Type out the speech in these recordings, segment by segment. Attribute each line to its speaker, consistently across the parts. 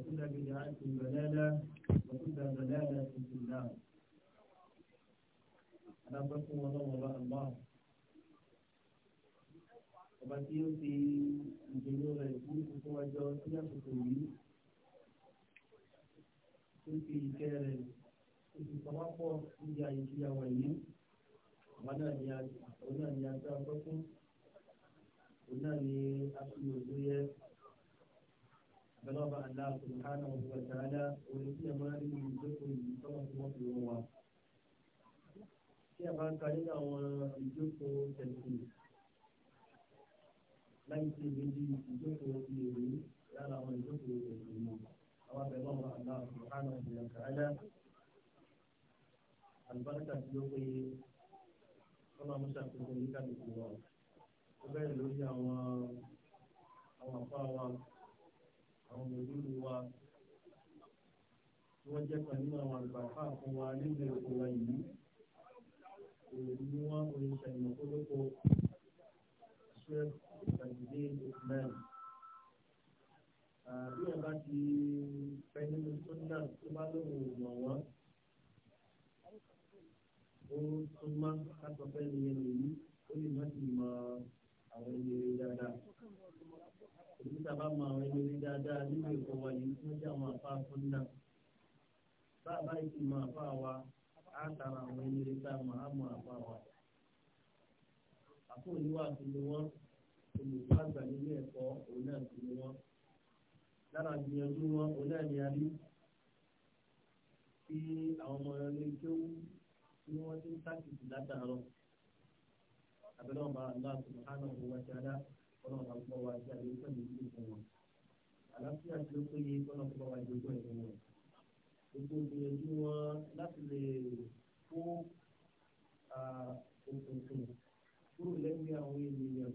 Speaker 1: وكل بدعة ضلالة وكل ضلالة في النار alábọ́sùn wọn náà wọ́n bá ń bá ọba tí ó fi ìdènà rẹ̀ burúkú fún ọjọ́ tí àsìkò yìí tó fi ìkẹ́ rẹ̀ tó fi pamọ́pọ̀ níbi àyè tí a wà yìí ọba náà ni òun náà ni a gbá ọgbọ́sùn òun náà ni a fi òdo yẹ bẹ́lọ́ba Allah subhanahu wa ta'ala orin tí a máa rí ní ìjókòó yìí tọ́wọ́ tí wọ́n fi wọ́n wa. tí a bá ń ka nínú àwọn ìjókòó tẹ̀sí láì sí ìrètí ìjókòó ti èrè lára àwọn ìjókòó tẹ̀sí mọ́ àwọn bẹ́lọ́ba Allah subhanahu wa ta'ala àlùbáríkà tí ó péye ọlọ́run amúṣàkóso yíká nìkan wà. ó bẹ̀rẹ̀ lórí àwọn àwọn àpá wa àwọn olórí wa tí wọ́n jẹ́ pẹ̀lú àwọn àgbàfà fún wa nílẹ̀ òkú wa yìí òun ni wọ́n oníṣẹ́ ìmọ̀kólókó ṣe ìtàgídé mẹ́rin. bí wọ́n bá ti fẹ́ nínú sọ́nà tó bá lóun mọ̀ wọ́n ó tún má kásọ̀fẹ́ nìyẹn nìyí ó lè má ti mọ àwọn ènìyàn dáadáa sábà mọ àwọn ẹni rí dáadáa nínú ẹ̀kọ́ wa yìí tí wọ́n jẹ́ àwọn àfa fún náà. bàbá ìsìn mọ àfa wa á tara àwọn ẹni rí sáà mọ àmọ àfa wa. àpò oníwà sí ni wọ́n olùkọ́ àgbà nílé ẹ̀kọ́ òun náà sí ni wọ́n. lára gbìyànjú wọn òun náà ni a rí tí àwọn ọmọ ilé kéwú tí wọ́n ti ń sákìtì látàárọ̀ àbẹ̀lẹ́ ọba aláàbò hánà òun wájú adáa ọlọ́run bá gbọ́ wa sí àdéhùn pẹ̀lú ìlú fún wọn. àlàáfíà tí ó péye kọ́nà tó bá wa ìlú fún ìlú wọn. gbogbo ìgbìyànjú wọn láti lè kó òkùnkùn kúrò lẹ́gbẹ̀ẹ́ àwọn ènìyàn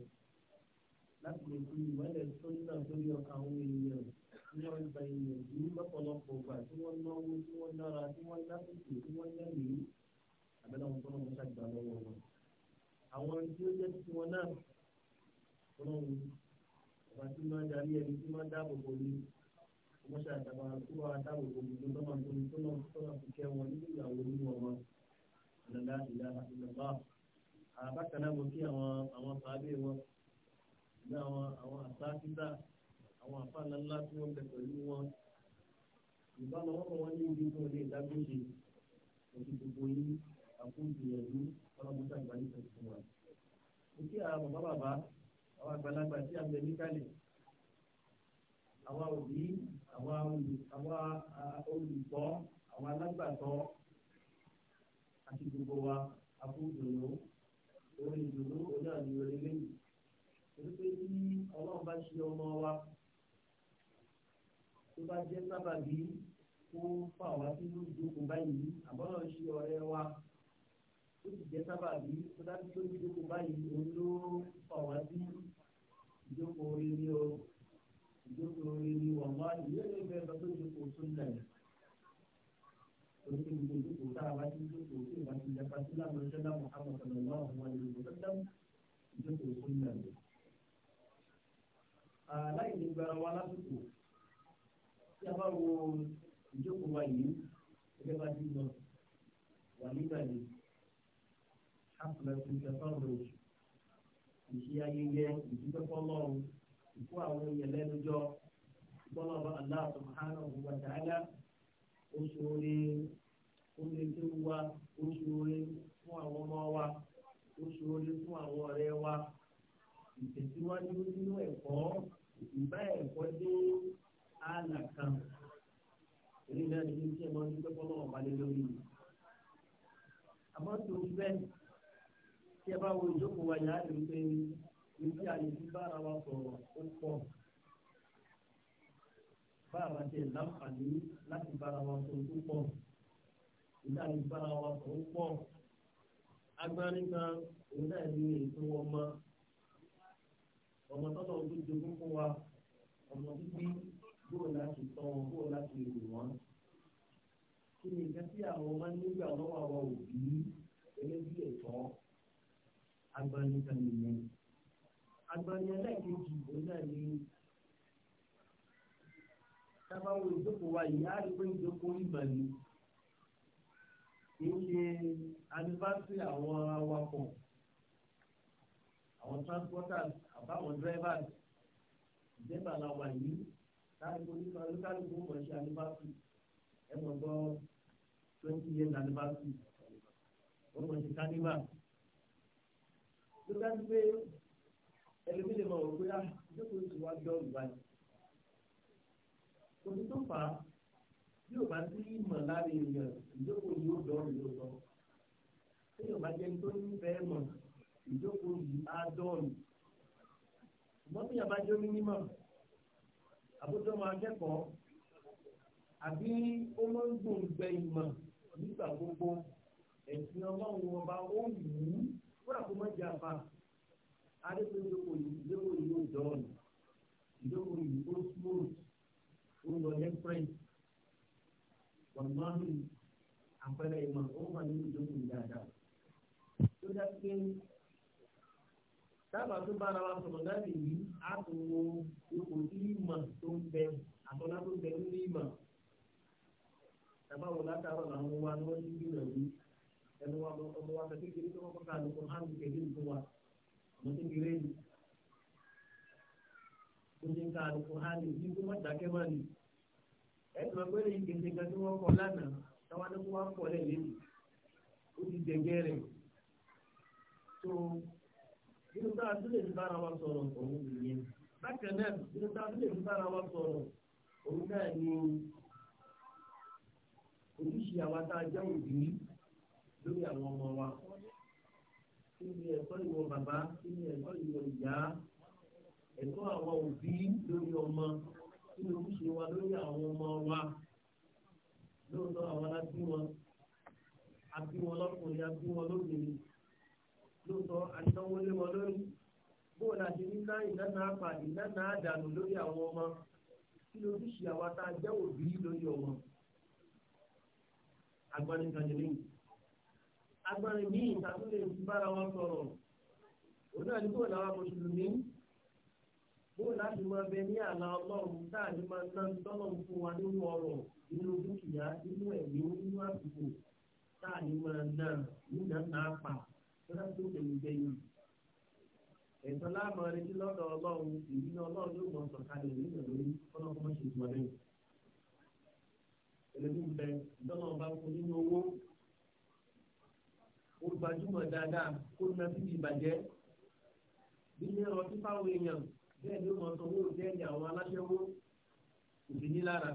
Speaker 1: láti lè fi ìmọ̀lẹ̀ tó ń nà lórí ọkàn àwọn ènìyàn tí wọ́n gba ènìyàn jù lọ́pọ̀lọpọ̀ gbà tí wọ́n náwó tí wọ́n dára tí wọ́n lásìkò tí wọ́n lẹ́mìí àbẹ́lẹ́ wọn kọ́nà wọn ṣàgbà lọ́wọ́ wọn. àwọn tí ó jẹ́ tiwọn náà ọlọ́run ọba tí máa ń darí ẹni tí máa ń dáàbò bò ní ọmọ ṣe àtàwọn àkúrò àdáàbò bò ní tó máa ń tóbi tó náà tó náà fi kẹ́ wọn nínú ìyàwó nínú ọmọ ìlànà ìlànà ìlànà àbákan náà mo kí àwọn àwọn fàábì wọn ní àwọn àwọn àṣà títà àwọn àfààní ńlá tí wọ́n bẹ pẹ̀lú wọn ìbámu ọkọ̀ wọn ní ibi tó lè dágbóṣe òtí gbogbo yín àkójọ ìyẹ̀dú ọlọ́mọdé àgbáyé tẹ̀síwájú. mo kí àwọn bàbá bàbá àwọn àgbàlagbà tí a bẹ̀ níkàlẹ̀ àwọn òbí àwọn olùkọ́ àwọn alágbàtọ́ àti gbogbo wa àbúdòdò orí ìdòdò orí àmì orí lẹ́yìn torí pé bí ọlọ́run bá ṣe ọmọ wa tó bá jẹ́ sábàbí kó fà wá sínú ìjókòó báyìí àbọ̀lọ̀ ṣe ọ̀rẹ́ wa ó sì jẹ́ sábàbí tó dájú tó ń báyìí òun ló fà wá sí ìjókòó orí ni o ìjókòó orí ni wàhálà ìyẹ́lẹ́ ìfẹ́ lọ tó jókòó tó ń lẹ̀ orí ni ìjókòó tá a bá ti jókòó tí ìbá ti yapa sí láwọn ọjọ́ láwọn amọ̀tọ̀lọ̀ náà wọn ni ìjókòó tó ń ìjókòó tó ń lẹ̀. aláì ní gbara wa lásìkò tí a bá wo ìjókòó wa yìí ẹgbẹ́ bá ti lọ wà nígbà yìí. حفلة تفرج ìṣe ayẹyẹ ìdúpẹ́fọ́lọ́run ìkó àwọn èèyàn lẹ́nu jọ ìgbọ́lọ́ba Allah subhanahu wa ta'ala oṣù orí oṣù tí ó wá oṣù orí fún àwọn ọmọ wa oṣù orí fún àwọn ọ̀rẹ́ wa ìtẹ̀síwájú nínú ẹ̀kọ́ ìbá ẹ̀kọ́ dé ààlà èyí náà ní kí ẹ máa ń dúpẹ́ fọ́lọ́run balẹ̀ àmọ́ tó bẹ́ẹ̀ tí ẹ bá wo ìjókòó wa yàrá rí pé ibi àyè tí bára wa sọ̀rọ̀ ó pọ̀ bára tẹ láǹfààní láti bára wa sọ̀rọ̀ tó pọ̀ ìdá àyè bára wa sọ̀rọ̀ ó pọ̀ agbárí kan òun náà ní ètò ọmọ ọmọ tọ́lọ̀ ojú jogún fún wa ọmọ bíbí bóò láti tọ́ wọn bóò láti rò wọn kí ni ìgbà tí àwọn ọmọ nígbà wọn wà wọ òbí gẹ́gẹ́ bí ẹ̀tọ́ agbani kan nìyẹn agbani ẹlẹ́ẹ̀kejì òun náà ní tábàwọn ìjókòó wa yìí á rí pé ìjókòó ìmọ̀ ni kì í ṣe anifásitì àwọn awakọ̀ àwọn transporters àbáwọn drivers ìjẹba làwà yìí káàdùkú nípa olúkálùkù mọ̀ ṣe anifásitì ẹ̀ mọ̀ gbọ́ twenty years anifásitì ó mọ̀ ṣe ló dá sí pé ẹlòmíì lè máa wò pé àdókòó ah, ti wá ìgbà yìí. Òbí tó fà á bí o bá ti mọ̀ lára èèyàn ìjókòó yìí ó dọ̀rùn yóò Bí o bá jẹ́ tó ní bẹ́ẹ̀ mọ̀ ìjókòó yìí á dọ̀rùn. Ṣùgbọ́n bí yàrá jẹ́ onímọ̀ àbójọ́ máa kẹ́kọ̀ọ́ àbí ó máa ń gbòǹgbẹ ìmọ̀ nígbà gbogbo ẹ̀sìn ọlọ́run ọba ó wù kódà kó má jà fa adékun ìdókò yìí ìdókò yìí ó dọ̀ọ̀n ìdókò yìí ó smooth ó lọ lẹ́fẹ̀rẹ́ǹt wàmánú àpẹẹrẹ ìmọ̀ ó wà nínú ìdókò yìí dáadáa tó dá pé dábàá tó bára wa sọ̀rọ̀ láti yìí á tún wo ipò tí ìmọ̀ tó ń bẹ àtọ́lá tó ń bẹ nínú ìmọ̀ tàbá wò látàrọ̀ làwọn wa ni wọ́n ti gbìyànjú wa ọmọ kékeré tó kọ́kọ́ ká lóko hàn kékeré ń fún wa ọmọ kékeré ni ó ti ń ká lóko hàn ní ìdí tó má dákẹ́ má ni ẹ sọ pé ní kété kan tí wọ́n kọ́ lánàá táwọn adé kó wá kọ́ lẹ̀ lẹ́nu ó ti dẹ̀gẹ́ rẹ̀ tó nínú táwa tó lè fi bára wa sọ̀rọ̀ òun nìyẹn bákan náà nínú táwa tó lè ni ojúṣe àwa tá a jẹ́ òbí lórí àwọn ọmọ wa kí ni ẹ̀kọ́ ìwọ bàbá kí ni ẹ̀kọ́ ìwọ ìyá ẹ̀kọ́ àwọn òbí lórí ọmọ kí ni ojúṣe wa lórí àwọn ọmọ wa lóòótọ́ àwọn alábí wọn abí wọn lọ́kùnrin abí wọn lóbìnrin lóòótọ́ aṣáwó lé wọn lórí bóòlù àti nígbà ìdáná apà ìdáná àdànù lórí àwọn ọmọ kí ni ojúṣe àwa tá jẹ́ òbí lórí ọmọ agbanitánilẹ́yìn agbára míì ìtàkùnlé ìbára wọn sọ̀rọ̀ òun náà ní kò láwa mùsùlùmí bó láti máa bẹ ní àlà ọlọ́run táà ní máa ná tọ́lọ́run fún wa nínú ọrọ̀ nínú dúkìá nínú ẹ̀mí nínú àsìkò táà ní máa ná nígbà náà pa lọ́dọ̀ tó tẹ̀lé gbẹ̀yìn. ẹ̀sán láàmú retí lọ́dọ̀ ọlọ́run èyí ni ọlọ́run yóò mọ sọ̀kalẹ̀ nínú ìlú ọlọ́run ṣe ìgbọ̀n lẹ́yìn. ẹlẹ́dùn bẹ ìdọ́nà ọba fún nínú owó kó gbajúmọ̀ dáadáa kó na síbi ìbàjẹ́ bí ní ẹ̀rọ tí fáwọn èèyàn bẹ́ẹ̀ ni ó mọ sanwó jẹ́ẹ̀lì àwọn aláṣẹ́wó kò sí ní lára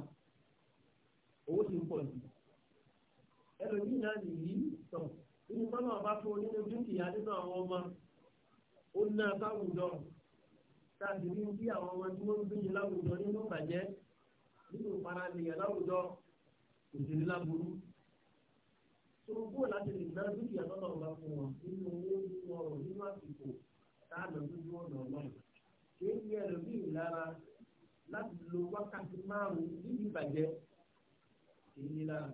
Speaker 1: owó ti ń pọ̀ sí ẹlòmíì náà nìyí tán nínú sọ́nà ọba fún nínú dúkìá nínú àwọn ọmọ ó ná sáwùjọ táàbí ní bí àwọn ọmọ tí wọ́n ń gbìyànjú láwùjọ nínú ìbàjẹ́ nínú ìfaradìyàn láwùjọ kò sí ní láburú tó bó láti lè ná dúkìá lọ́nà ọ̀la fún wọn nínú owó nínú ọrọ̀ nínú àsìkò táànà lójú ọ̀nà ọ̀la kìí ní ẹlòmíì lára láti lo wákàtí márùn-ún níbi ìbàjẹ́ kìí ní lára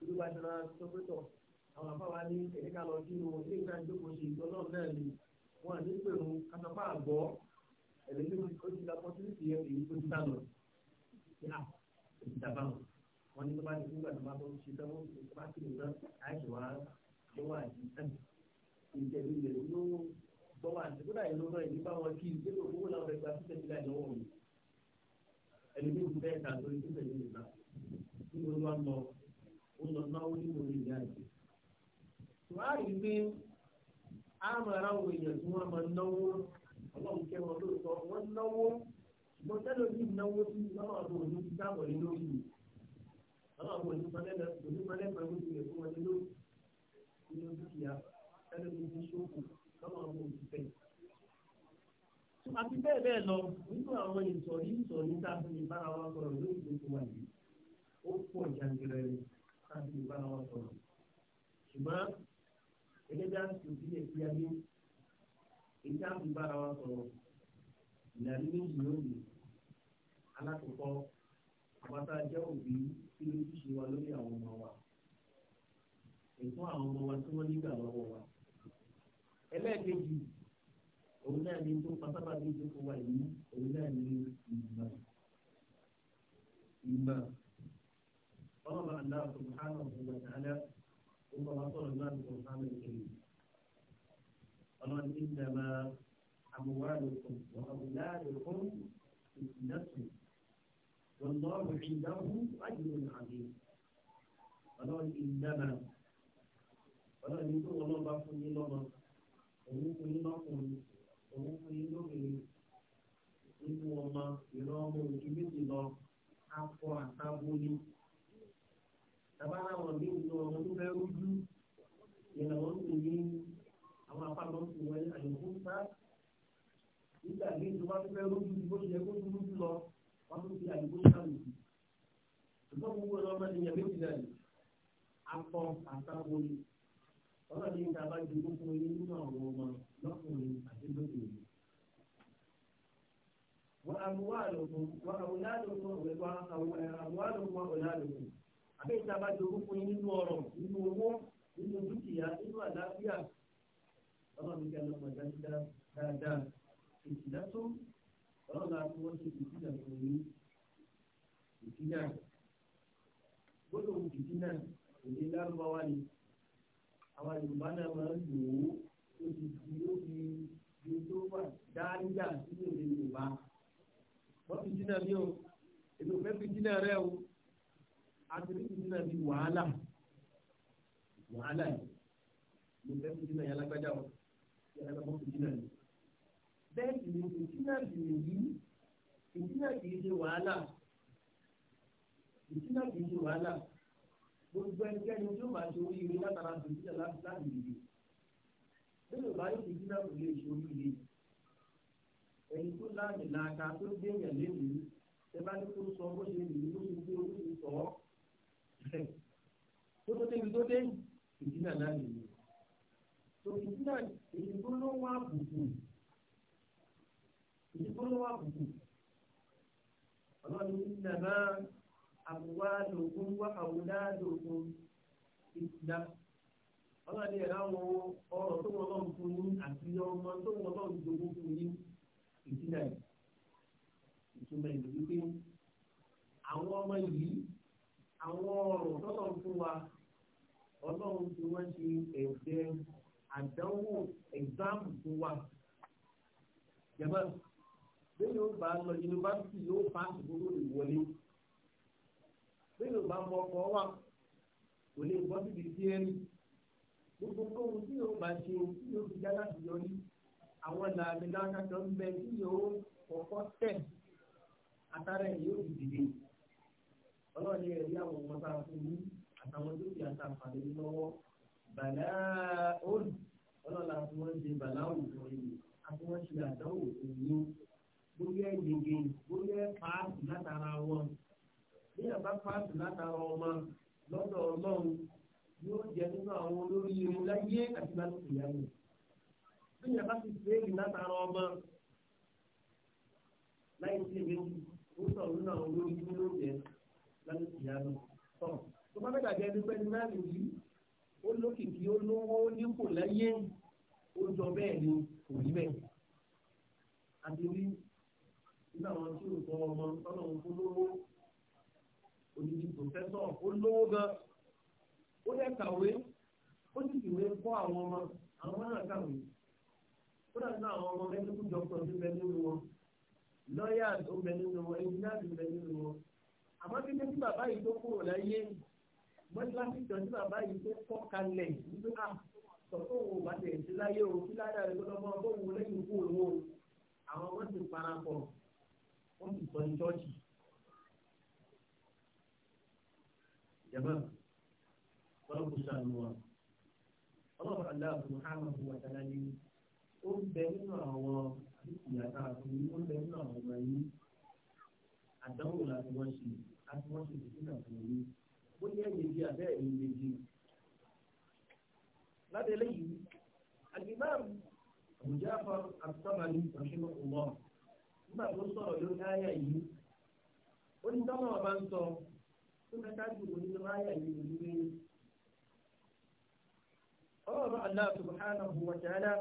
Speaker 1: ìlú bá jẹrán sọpẹ́tọ̀ àwọn àbáwá ní ẹ̀ka lọ sí wọn ìka ìjókòó ìtọ́nà náà ni wọn àti pẹ̀lú kásápá àgọ́ ẹ̀lẹ́dẹ́gbẹ̀rún ó ti la pọ́tírísì yẹn èyí tó ti sá lọ. ìyá ìjàmbá wọn wọ́n ní tó bá ti kú gbàdúrà máa tó ṣe tán wọ́n ti bá ti lù náà àìsàn wa ló wà ní ìtẹ̀lé ilẹ̀ ló gbọ́ wà ní kódà ìlú náà ìdí bá wọn kí ìdí tó kúrò láwọn ẹgbẹ́ àtúntẹ̀ nílẹ̀ lọ́wọ́ mi ẹlẹ́gbẹ́ òkú bẹ́ẹ̀ ta lórí títẹ̀ nílẹ̀ náà kí ló wá lọ ó lọ náwó nínú ilé àjẹ. tùwárì pé àmàrà àwọn èèyàn tí wọ́n máa náwó ọlọ́run kẹ́ ọlọ́run kò ní sọlẹ́lẹ̀ kò ní sọlẹ́lẹ̀ pẹ̀lú ìwé fún wọn nínú nínú dúkìá ẹlẹ́nu ti ṣókù lọ́wọ́ àwọn òṣìṣẹ́. àti bẹ́ẹ̀ bẹ́ẹ̀ lọ nínú àwọn ìsọ̀rí ìsọ̀rí tá a fi lè bára wa sọ̀rọ̀ lórí ìgbésí wa yìí ó pọ̀ jàǹdìrẹ tá a fi lè bára wa sọ̀rọ̀ ṣùgbọ́n gẹ́gẹ́ bí a ti fi lè fi ayé èyí tá a fi bára wa kí ló ti ṣe wa lórí àwọn ọmọ wa ẹ̀fọ́ àwọn ọmọ wa tí wọ́n nígbà lọ́wọ́ wa ẹlẹ́ẹ̀kejì òun náà ni tó pátápátá bí tó fún wa yìí òun náà ni ìmọ̀ ìmọ̀ ọlọ́run àná subhanahu wa ta'ala ó wa sọ̀rọ̀ náà lọ́wọ́ sáré kiri ọlọ́run ní ìjàmbá àmúwádìí kò wọ́n láàrin fún ìdásùn. والله عنده أجر عظيم ọlọ́run ìdábà ọlọ́run ní kó ọlọ́run bá fún yín lọ́mọ òun fún yín lọ́kùnrin òun fún yín lóbìnrin nínú ọmọ ìran ọmọ òjì méjì lọ akọ àtàbóyé tabaláwọn ní ìlú ọmọ tó fẹ́ rújú ìrànwọ́ ń pè ní àwọn apákan ń pè wọ́n àyẹ̀kú sá nígbà tí ìjọba tó fẹ́ rújú bó ṣe yẹ kó rújú lọ wọ́n tún fi àdúgbò sáàlù sí. ṣùgbọ́n gbogbo ọ̀nà ọmọdé yẹn méjì náà ni akọ àtàwọlé ọlọ́ọ̀dẹ yìí ta bá ju gbogbo yín nínú àwọn ọmọ lọ́kùnrin àti lóbìnrin. wọ́n àbúwá àlòkùn wọ́n àwòlá àlòkùn ọ̀rẹ́gbọ́ àwòlá àlòkùn ọ̀rẹ́ àlòkùn àbẹ́ ìta bá ju gbogbo yín nínú ọ̀rọ̀ nínú owó nínú dúkìá nínú àlàáfíà ọlọ́ọ̀dẹ kẹ́ lọ́mọ dáadáa ìtìlẹ́tún ọlọ́run àti wọ́n ṣe fìtínà fún yín fìtínà gbọ́dọ̀ fìtínà èdè lárúbáwá ni àwọn yorùbá náà máa ń lò ó ó ti fi ó fi ju tó wà dáríjà sínú èdè yorùbá wọ́n fìtínà ní o èdè òfẹ́ fìtínà rẹ o àtúntò fìtínà ní wàhálà wàhálà yìí èdè òfẹ́ fìtínà yàrá gbájà o yàrá gbájà fìtínà yìí bẹ́ẹ̀ sì ni ìtúnà sì nìyí ìtúnà sì ń ṣe wàhálà ìtúnà sì ń ṣe wàhálà gbogbo ẹnikẹ́ni tó máa ṣe oríire látara ìtúnà láti nìyí nínú ìbáyé ìtúnà kò lè ṣe oríire ẹni tó láàmì làákà tó gbé yẹn léwu ẹ bá ní kó sọ bó ṣe nìyí bó ṣe gbé owó ṣe tó tó débi tó dé ìtúnà náà nìyí tó ìtúnà ló wá bùkún ìfowópamọ́ àbùkù ọlọ́run nàbá àbúwádòkun wá àwòdádòkun ìtìdá ọlọ́run yẹn láwọn ọ̀rọ̀ tó wọn lọ́n fún yín àti ọmọ tó wọn lọ́n dogun fún yín ìtìdá yìí ìtumọ̀ ìlú wípé àwọn ọmọ yìí àwọn ọ̀rọ̀ tó lọ́n fún wa ọlọ́run tí wọ́n ṣe ẹ̀jẹ̀ àdánwò ẹ̀gbáàmù fún wa jẹ́bẹ́rẹ́ bẹ́ẹ̀ yóò bá lọ yunifásitì yóò fa ìgboro ìwọlé bẹ́ẹ̀ yóò bá mọ ọkọ̀ wa kò lè bọ́ síbi díẹ̀rì gbogbo kóhun tí yóò bá ṣe tí yóò fi jáde láti yọrí àwọn làmì lákàtọ̀ ń bẹ tí yóò kọ́kọ́ tẹ̀ àtàrà ẹ̀ yóò fi dìde ọlọ́ọ̀ni ẹ̀ rí àwọn ọmọ tá a fún yín àtàwọn tó fi àtàǹfààní lọ́wọ́ bàlá òòlù ọlọ́ọ̀la fún wọn ṣe bàlá òòlù fún yín àti wọn ṣe àdánwò fún bóyá gbègbè bóyá paasi látara wọn bí àbá paasi látara ọmọ lọ́dọ̀ ọlọ́run yóò jẹ nínú àwọn olórí irun láyé àti lálùkù yáyé bí àbá ti fèèrè látara ọmọ láyé tí èmi ó sọ nínú àwọn olórí irun ló jẹ lálùkù yáyé tọ tó bá bẹ́ẹ̀ dàgẹ́ ẹdúpẹ́ ní náà nìyí ó lókìkí ó lówó nípò láyé ó jọ bẹ́ẹ̀ ni kò rí bẹ́ẹ̀ àti nínú àwọn tí ò sọ ọmọ tọ́lọ̀ ń fún lówó odidi pòfẹ́sọ̀ ó lówó gan ó lẹ́ kàwé ó sì kìwé kọ́ àwọn ọmọ àwọn ọmọ náà kàwé ó dà nínú àwọn ọmọ mẹ́tíkù jọpọ̀ tó bẹ nínú wọn lọ́ọ̀yà tó bẹ nínú wọn ẹnjìnìá tó bẹ nínú wọn àmọ́ kékeré tí bàbá yìí tó kúrò láyé mọ́tíláṣí kan tí bàbá yìí tó kọ́ kalẹ̀ nígbà tá sọ̀tò wo bàtẹ̀ ìdíláyé o kí ládàá rẹ̀ tó lọ́mọ tó wù lẹ́yìn kúrò wọn àwọn ọmọ ti parapọ̀ ó sì sọ ní chọ́ọ̀chì. jama ọlọ́run kò sànù wa ọlọ́run aláàbò muhammadu wa tàlálẹ́ ó ń bẹ nínú àwọn dúkìá tá a fún yín ó ń bẹ nínú àwọn ọmọ yín àdánwò láti wọ́n ṣe láti wọ́n ṣe ìdílé fún yín ó ní ẹ̀yìn bíi abẹ́ ẹ̀yìn méjì. lábẹ́ lẹ́yìn alimami àbújá afọ àtúntàbàlì ìfọ̀ṣẹ́mọ̀ ọ̀wọ́ nígbà tó sọ̀rọ̀ lórí àyà yìí ó ní tọ́mọ̀ ọba ń sọ tó mẹ́ta jù lórí lórí àyà yìí lórí rí ọlọ́run Allah subhanahu wa ta'ala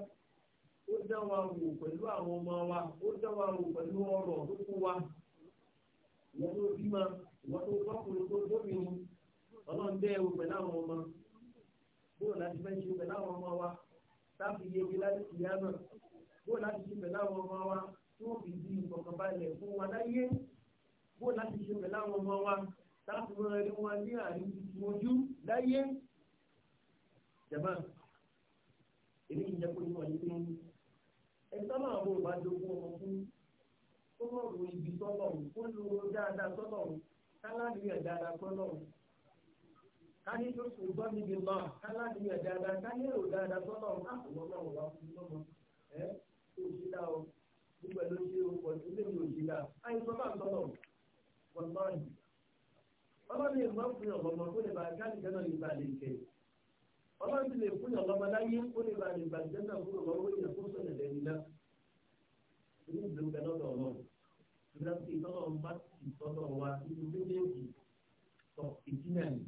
Speaker 1: ó dá wa wò pẹ̀lú àwọn ọmọ wa ó dá wa wò pẹ̀lú ọrọ̀ tó kú wa ìyẹn tó bímọ ìwọ́n tó bọ́kùnrin tó bóbìnrin ọlọ́run bẹ́ẹ̀ wò pẹ̀lú àwọn ọmọ bóò láti fẹ́ ṣe pẹ̀lú àwọn ọmọ wa táàbù yege tí wọ́n fi di ìfọ̀kànbalẹ̀ fún wa láyé bó láti ṣe pẹ̀lú àwọn ọmọ wa láti mọ ẹni wa ní àárín ojú láyé. jẹ̀mọ́ èmi ìjẹ́ kó ní wọ̀nyí pé ẹni tọ́lọ̀ àwọn òbá dogun ọmọ fún kó mọ̀ ro ibi tọ́lọ̀ kó lo dáadáa tọ́lọ̀ káláàdì ẹ̀ dáadáa tọ́lọ̀ káyé tó kò gbọ́ níbi lọ káláàdì ẹ̀ dáadáa káyé ò dáadáa tọ́lọ̀ káàkó lọ́wọ́ wa fún lọ́mọ ẹ̀ kó o ṣe dá o nígbà tó ṣe orúkọ ilé mi ò sí náà àìsàn máa tọ̀nà wọn náà yìí. ọba mi máa ń fúnyàn lọ́mọ kó lè bá káàdì jẹ́nà lè bá lè jẹ. ọba mi lè fúnyàn lọ́mọ láyé kó lè bá lè bá jẹ́nà kó lè lọ́wọ́ yẹn kó sọ̀rọ̀ lẹ́yìn náà. ilé ìlú bẹ lọ́dọ̀ ọ̀nà ìgbà tí ìtọ́nà bá ti wa nínú méjèèjì sọ ìdínà ni.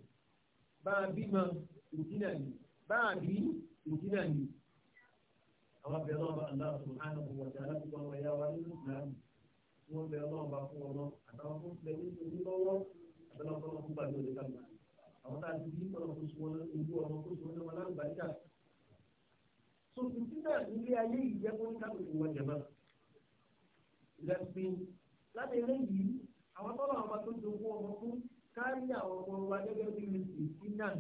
Speaker 1: bá a bímọ ìdínà ni. bá a bí ìdínà ni àwọn abẹ náà bá aláà tó hàn kó wọ̀jà láti gbọ́ ọmọ ẹ̀yà wa nínú ìsìlámù tí wọ́n bẹ ọlọ́run bá fún ọlọ́ àtàwọn tó ń bẹ nínú orí lọ́wọ́ àbẹ̀lọ́ fọlọ́ fún gbàgbé òde kàgbà àwọn tá a ti bí ọlọ́run tó sùn ojú ọmọ tó sùn wọn náà gbàdúrà. sọ̀tún títà ilé ayé yìí jẹ́ fún káàkiri wọn jẹ̀mọ́ ìdàgbìn láti eré yìí àwọn tọ́lọ̀ àwọn tó dogun ọmọ fún kárí àwọn ọmọ wa gẹ́gẹ́ bí ìsìn náà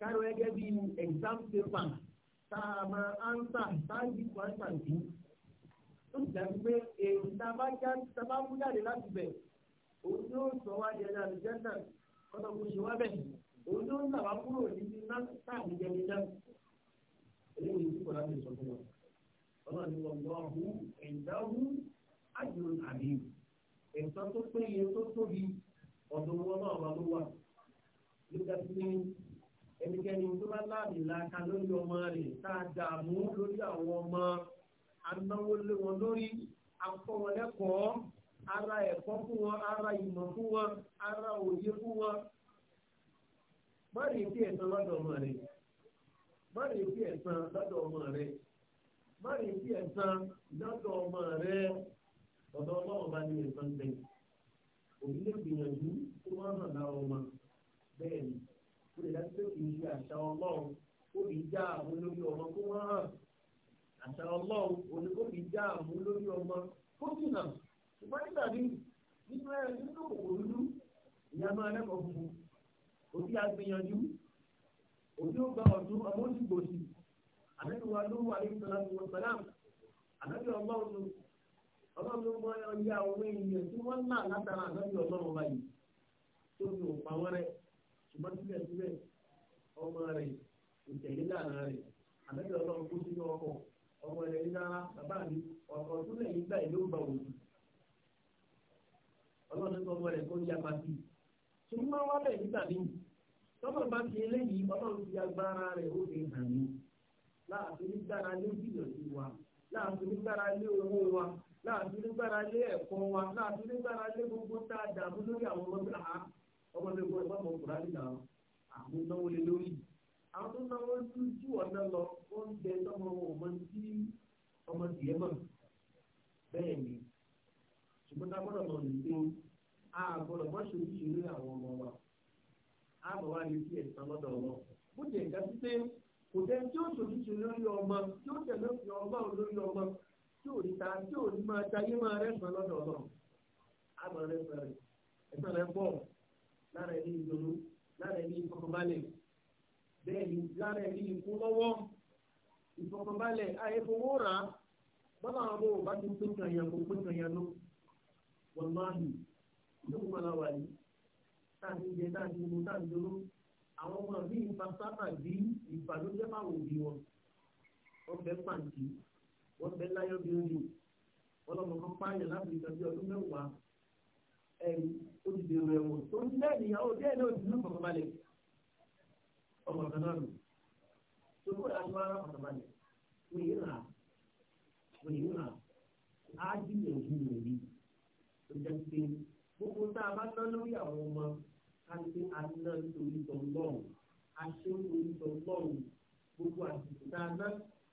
Speaker 1: kárí wọn gẹ́gẹ́ bí exam paper tá a máa áńsà táǹgì tó áńsà sí ó sì dàbí pé èrò tá a bá mú jáde láti bẹ̀ òun yóò sọ wá di ẹni àlùjẹ́ńdà kọ́tà kò ṣe wá bẹ̀ òun yóò là wá kúrò níbi táàbí jẹni náà èyí ni ìdíkọ̀ láti sọ fún wọn ọlọ́run ni wọ́n gbọ́ ọ̀hún ẹ̀dáhùn àjùrò àbí ẹ̀sán tó péye tó tóbi ọ̀dọ̀ wọn náà wà ló wà nígbà tí ẹnikẹ́ni tó bá láàbì láta lórí ọmọ rẹ̀ tá a dààmú lórí àwọn ọmọ anáwó lé wọn lórí akọ́ wọn lẹ́kọ̀ọ́ ara ẹ̀kọ́ fún wọn ara ìmọ̀ fún wọn ara òye fún wọn. bọ́ọ̀lì tí ẹ̀sán lọ́dọ̀ ọmọ rẹ̀ bọ́ọ̀lì tí ẹ̀sán lọ́dọ̀ ọmọ rẹ̀ bọ́ọ̀lì tí ẹ̀sán lọ́dọ̀ ọmọ rẹ̀ ọ̀dọ̀ ọlọ́run bá ní ẹ̀sán tẹ̀ òbí lè gbìyànjú kó wọ́n hàn lára ọmọ bẹ́ẹ̀ ni ó lè dájú pé kì í ṣe àṣà ọlọ́run ó lè já àwọn olórí ọmọ kó wọ́n hàn àṣà ọlọ́run ó lè já àwọn olórí ọmọ kó jìnnà ṣùgbọ́n nígbà míì nínú ẹ nínú kòkòrò dúdú ìyá máa lẹ́kọ̀ọ́ funfun òbí agbìyànjú òbí ó gba ọ̀dún ọmọ oṣù gbòòsì àlejò wa ló wà ní ìsọlá ní wọn sọlá àlejò ọlọ́run ọlọ́run mọ ọyá òwe ìyẹn tí wọ́n ń là látara àlejò ọlọ́run báyìí tó fi òpá wọn rẹ̀. ṣùgbọ́n síbẹ̀síbẹ̀ ọmọ rẹ̀ ìtẹ̀lé lànà rẹ̀ àbẹ́tẹ̀ ọlọ́run kó sínú ọkọ̀ ọmọ rẹ̀ ní bàbá mi ọ̀pọ̀ tó lẹ̀ nígbà yìí ló ń òjò ọlọ́run ọmọ rẹ̀ kó ya sí i ṣùgbọ́n bẹ̀ nígbà tọ́pọ̀ bá fi eléyìí ọlọ́run ti agbára rẹ̀ ó fi hàn mí láàfin nígbàrá lé wa láàfin nígbàrá lé owó wa láàfin nígbàrá a ọmọ tó kọ́ ẹgbẹ́ ọmọ kùrá nígbà àwọn náwó lé lórí àwọn tó náwó tún jù ọ̀nà lọ wọ́n ń bẹ tọ́mọ ọmọ tí ọmọ tìyẹ́ mọ̀ bẹ́ẹ̀ ni ṣùgbọ́n tá a gbọ́dọ̀ mọ̀ nígbà a gbọ́dọ̀ mọ̀ ṣe ìṣeré àwọn ọmọ wa a bọ̀ wá lè fi ẹ̀sán lọ́dọ̀ wọn bó jẹ́ ìgbà sí kò tẹ́ tí ó ṣòṣìṣe lórí ọmọ tí ó tẹ̀lé òfin ọmọ lórí ọmọ tí ò ní ta tí ò ní máa ta yé máa rẹ́sàn lọ́dọ̀ ọlọ́run á máa rẹ́sàn rẹ̀ ẹ̀sán rẹ̀ bọ̀ lára ẹni ìdùnnú lára ẹni ìfọkànbalẹ̀ bẹ́ẹ̀ ni lára ẹni ìkú lọ́wọ́ ìfọkànbalẹ̀ àìfowó rà á bọ́lá àwọn ọmọ bá ti pín kànyàn kó pín kànyàn ló wọ́n máa lù lókun mọ́lá wà yìí táàbí jẹ táàbí mu táàbí dúró àwọn ọmọ mi ìfà sábà bí ìbànújẹ́ máa wò bí wọn wọ́n bẹ pàǹtí wọ́n bẹ láyọ̀ bí ó yù ọlọ́mọ kan pààyàn láti ìtọ́jú ọdún mẹ́wàá ẹ̀rù ó ti dèrò ẹ̀wọ̀n tó ń bẹ́ẹ̀ nìyàwó díẹ̀ náà ti ní ọ̀pọ̀lọpọ̀lẹ̀ ọmọ kan náà nù tó kó láti wá ọ̀pọ̀lọpọ̀lẹ̀ wọ́n yìí rà wọ́n yìí rà á jí ìyẹ̀wò ìrèlí tó jẹ́ pé gbogbo tá a bá ná lórí àwọn ọmọ ká ní pé a ná nítorí tọ̀gbọ́n a ṣe nítorí tọ̀gbọ́n gbogbo àsìkò tá a ná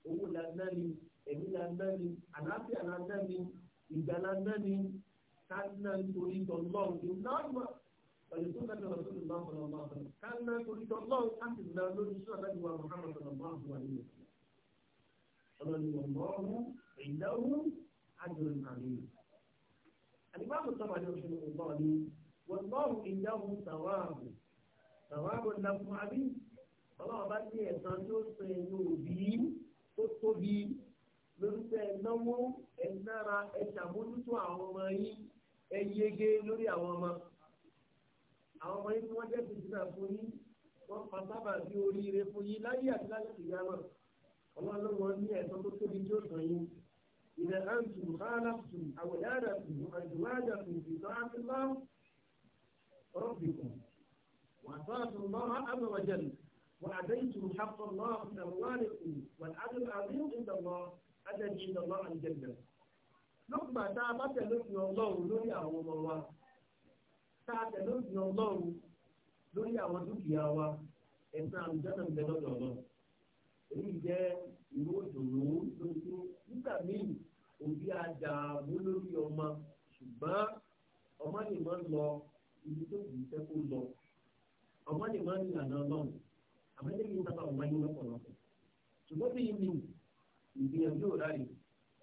Speaker 1: owó la ná ni ẹ̀mí la ná ni àlàáfíà la ná ni ìgbà la ná ni kánà nítorí tọ́lọ́run ní náírà pẹ̀lú tó lẹ́nu ọ̀sán ní máa fọlọ́ máa fọlọ́ kánà nítorí tọ́lọ́run láti nà lórí sí ọ̀dá ìwà mọ̀hánà fọlọ́ máa fọlọ́ nínú ìlú. ọlọ́ni wọ̀n mọ́ ọ́rùn ìdáwó àjọyọ̀ àmì. àdìgbà tó sábà ní oṣù ọ̀gbọ́n ni wọ́n mọ́ ọ́rùn ìdáwó tàwáàbù tàwáàbù làkùn àbí ọlọ́run bá ní ẹ̀sán tí sọ ẹ̀yìn òbí tó tóbi lórúkọ ẹ̀náwó ẹ̀nára ẹ̀ṣàmójútó àwọn ọmọ yìí ẹ yege lórí àwọn ọmọ àwọn ọmọ yìí tí wọ́n jẹ́ tuntun fún yín wọ́n fa sábà bí oríire fún yín láyé àti láyé ìyá náà ọlọ́run ló wọn ní ẹ̀sọ́ tó tóbi tí ó sàn yín ìdá àǹtù hálàtù àwòyádàtù àjùmájàtù ìdá àtìlá rọ́bìkù wàtàtù lọ́wọ́ àbẹ̀wàjẹ̀lù وأتيتم حق الله من أموالكم والعدل العظيم عند الله أتت عند الله الجنة lókùnbà tá a bá tẹ̀lé òfin ọlọ́run lórí àwọn ọmọ wa tá a tẹ̀lé òfin ọlọ́run lórí àwọn dúkìá wa ẹ̀sán ń lọ. èyí jẹ́ ìlú òdòdó lóṣù nígbà míì òbí àdààmú lórí ọmọ ṣùgbọ́n ọmọ lè máa ń lọ ibi tó kù iṣẹ́ kó lọ ọmọ ń rìn àná sábà lọ́pọ̀lọpọ̀ ṣùgbọ́n bí ìgbìyànjú ò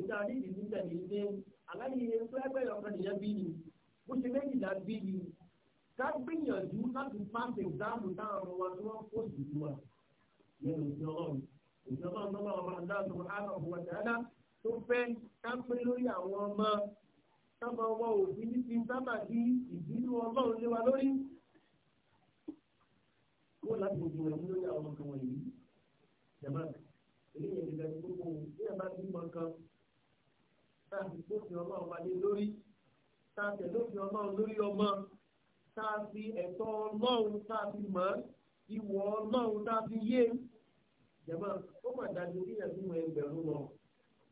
Speaker 1: ìgbà ní ìdí sísẹ̀ ní ilé aláìyé pẹ́pẹ́ ọ̀kan nìyẹn bí ni bó ṣe méjìlá bí ni ká gbìyànjú láti pass exam táwọn ọmọ wa tí wọ́n kó sì fún wa yẹn òjò ọ̀run òjò ọ̀run tó máa máa dá ọ̀run á lọ́ọ̀ wọ̀ dáadáa tó fẹ́ ká pé lórí àwọn ọmọ sábà wọ òfin ní ti sábà di ìbínú ọlọ́run lé wa lórí wọ́n láti gbogbo rẹ̀ mú lórí àwọn ọmọ kan wọ̀nyí jẹ̀mọ́ èyí yẹn ti dàgbé gbogbo bí ẹ bá ti mọ kan táàbì gbófin ọlọ́run wálé lórí táàbì lófin ọlọ́run lórí ọmọ táàbì ẹ̀tọ́ ọlọ́run táàbì mọ́ ìwọ ọlọ́run táàbì yé jẹ̀mọ́ ó mà dájú bí ẹ̀ fún ẹgbẹ̀rún lọ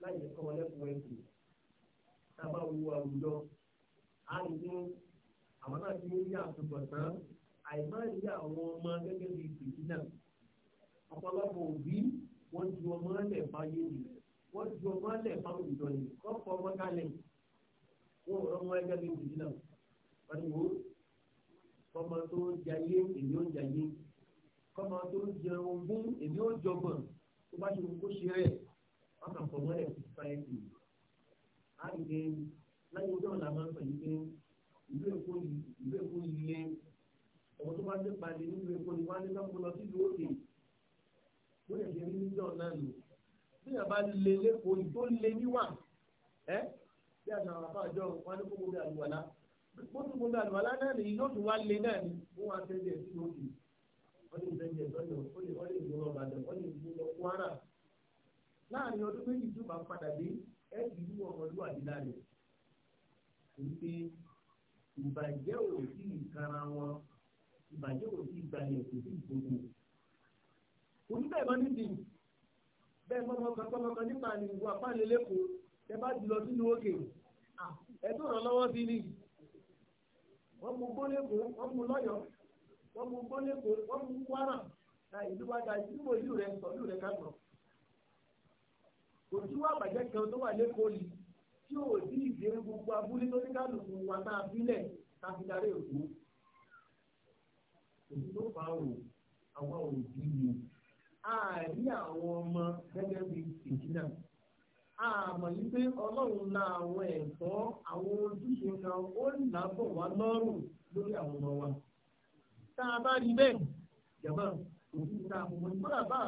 Speaker 1: láì ní kọ́ ọlẹ́kùn ẹ̀sìn tábà wo àwùjọ á lè ní àwọn náà ti rí àtúbọ̀ tán àìmọ́ ìrí àwọn ọmọ gẹ́gẹ́ bíi tìjì náà ọ̀pọ̀lọpọ̀ òbí wọ́n ju ọmọ ẹlẹ̀ báyé nìyẹn wọ́n ju ọmọ alẹ̀ fáwọn ìjọ ni wọ́n fọ ọmọ kalẹ̀ wọ́n rọ ọmọ ẹgbẹ́ bíi ìdí náà wọ́n wò ó kọ́mọ tó ń jayé èmi ó ń jayé kọ́mọ tó ń jẹ ogún èmi ó jọgbọ̀n tó bá ṣe kó ṣe rẹ̀ wọ́n kàn fọ ọmọ ẹ̀ sí fáyẹ́sì á rí i láyé ọjọ́ la máa ń pè ní pé ìlú èkó ìlú èkó ilé ọmọ tó bá ń nípa ní ìlú èkó ni wọ́n á ní ká kó lọ sí ìlú òkè bóyá bí yàrá bá lé lẹ́kọ̀ọ́ yìí tó lé níwà ẹ́ bí àgbà àwọn afáàjọ wọn ní gbogbo bí àlùwàlá bó tún gbogbo àlùwàlá náà nìyí yóò tún wá lé náà ni wọ́n wá tẹ́lẹ̀ ẹ̀ sínú òkè wọ́n lè tẹ́lẹ̀ ẹ̀ sọ́yọ̀ wọ́n lè gbó lọ Ìbàdàn wọ́n lè gbó lọ Kwara láàrin ọdún méjì tó bá padà dé ẹ̀ ti dúró ọmọlúwà nílá rẹ̀ wípé ìbàjẹ́ ò sí ìkara wọn ìbàjẹ́ ò sí ìgbàlẹ̀ kò sí ìgbòho bẹ́ẹ̀ mọ́mọ́kan tọ́mọ́kan nípa ìlú apálẹ́lẹ́kọ̀ọ́ ẹ bá jùlọ sínú òkè ẹ tó ràn lọ́wọ́ sí ni wọ́n mú gbólẹ́kọ̀ọ́ wọ́n mú lọ́yọ̀ọ́ wọ́n mú gbólẹ́kọ̀ọ́ wọ́n mú kwara na ìlú wa da ìlú wo ìlú rẹ̀ sọ ìlú rẹ̀ kàgbọ̀ kò tí wọ́n àbàjẹ́ kan tó wà lẹ́kọ̀ọ́ yìí tí ò sí ìdí gbogbo abúlé tó ní kálukú wa tá a bílẹ̀ ká fi darí èkó òsì tó fà á wò àwọn òbí mi àárí àwọn ọmọ gẹ́gẹ́ bí ìjìnà àmọ̀ yìí pé ọlọ́run la àwọn ẹ̀tọ́ àwọn ojúṣe kan ó lábọ̀ wá lọ́rùn lórí àwọn ọmọ wa tá a bá rí bẹ́ẹ̀ jẹ̀mọ́ òbí ta àwọn ìgbọ́dà bá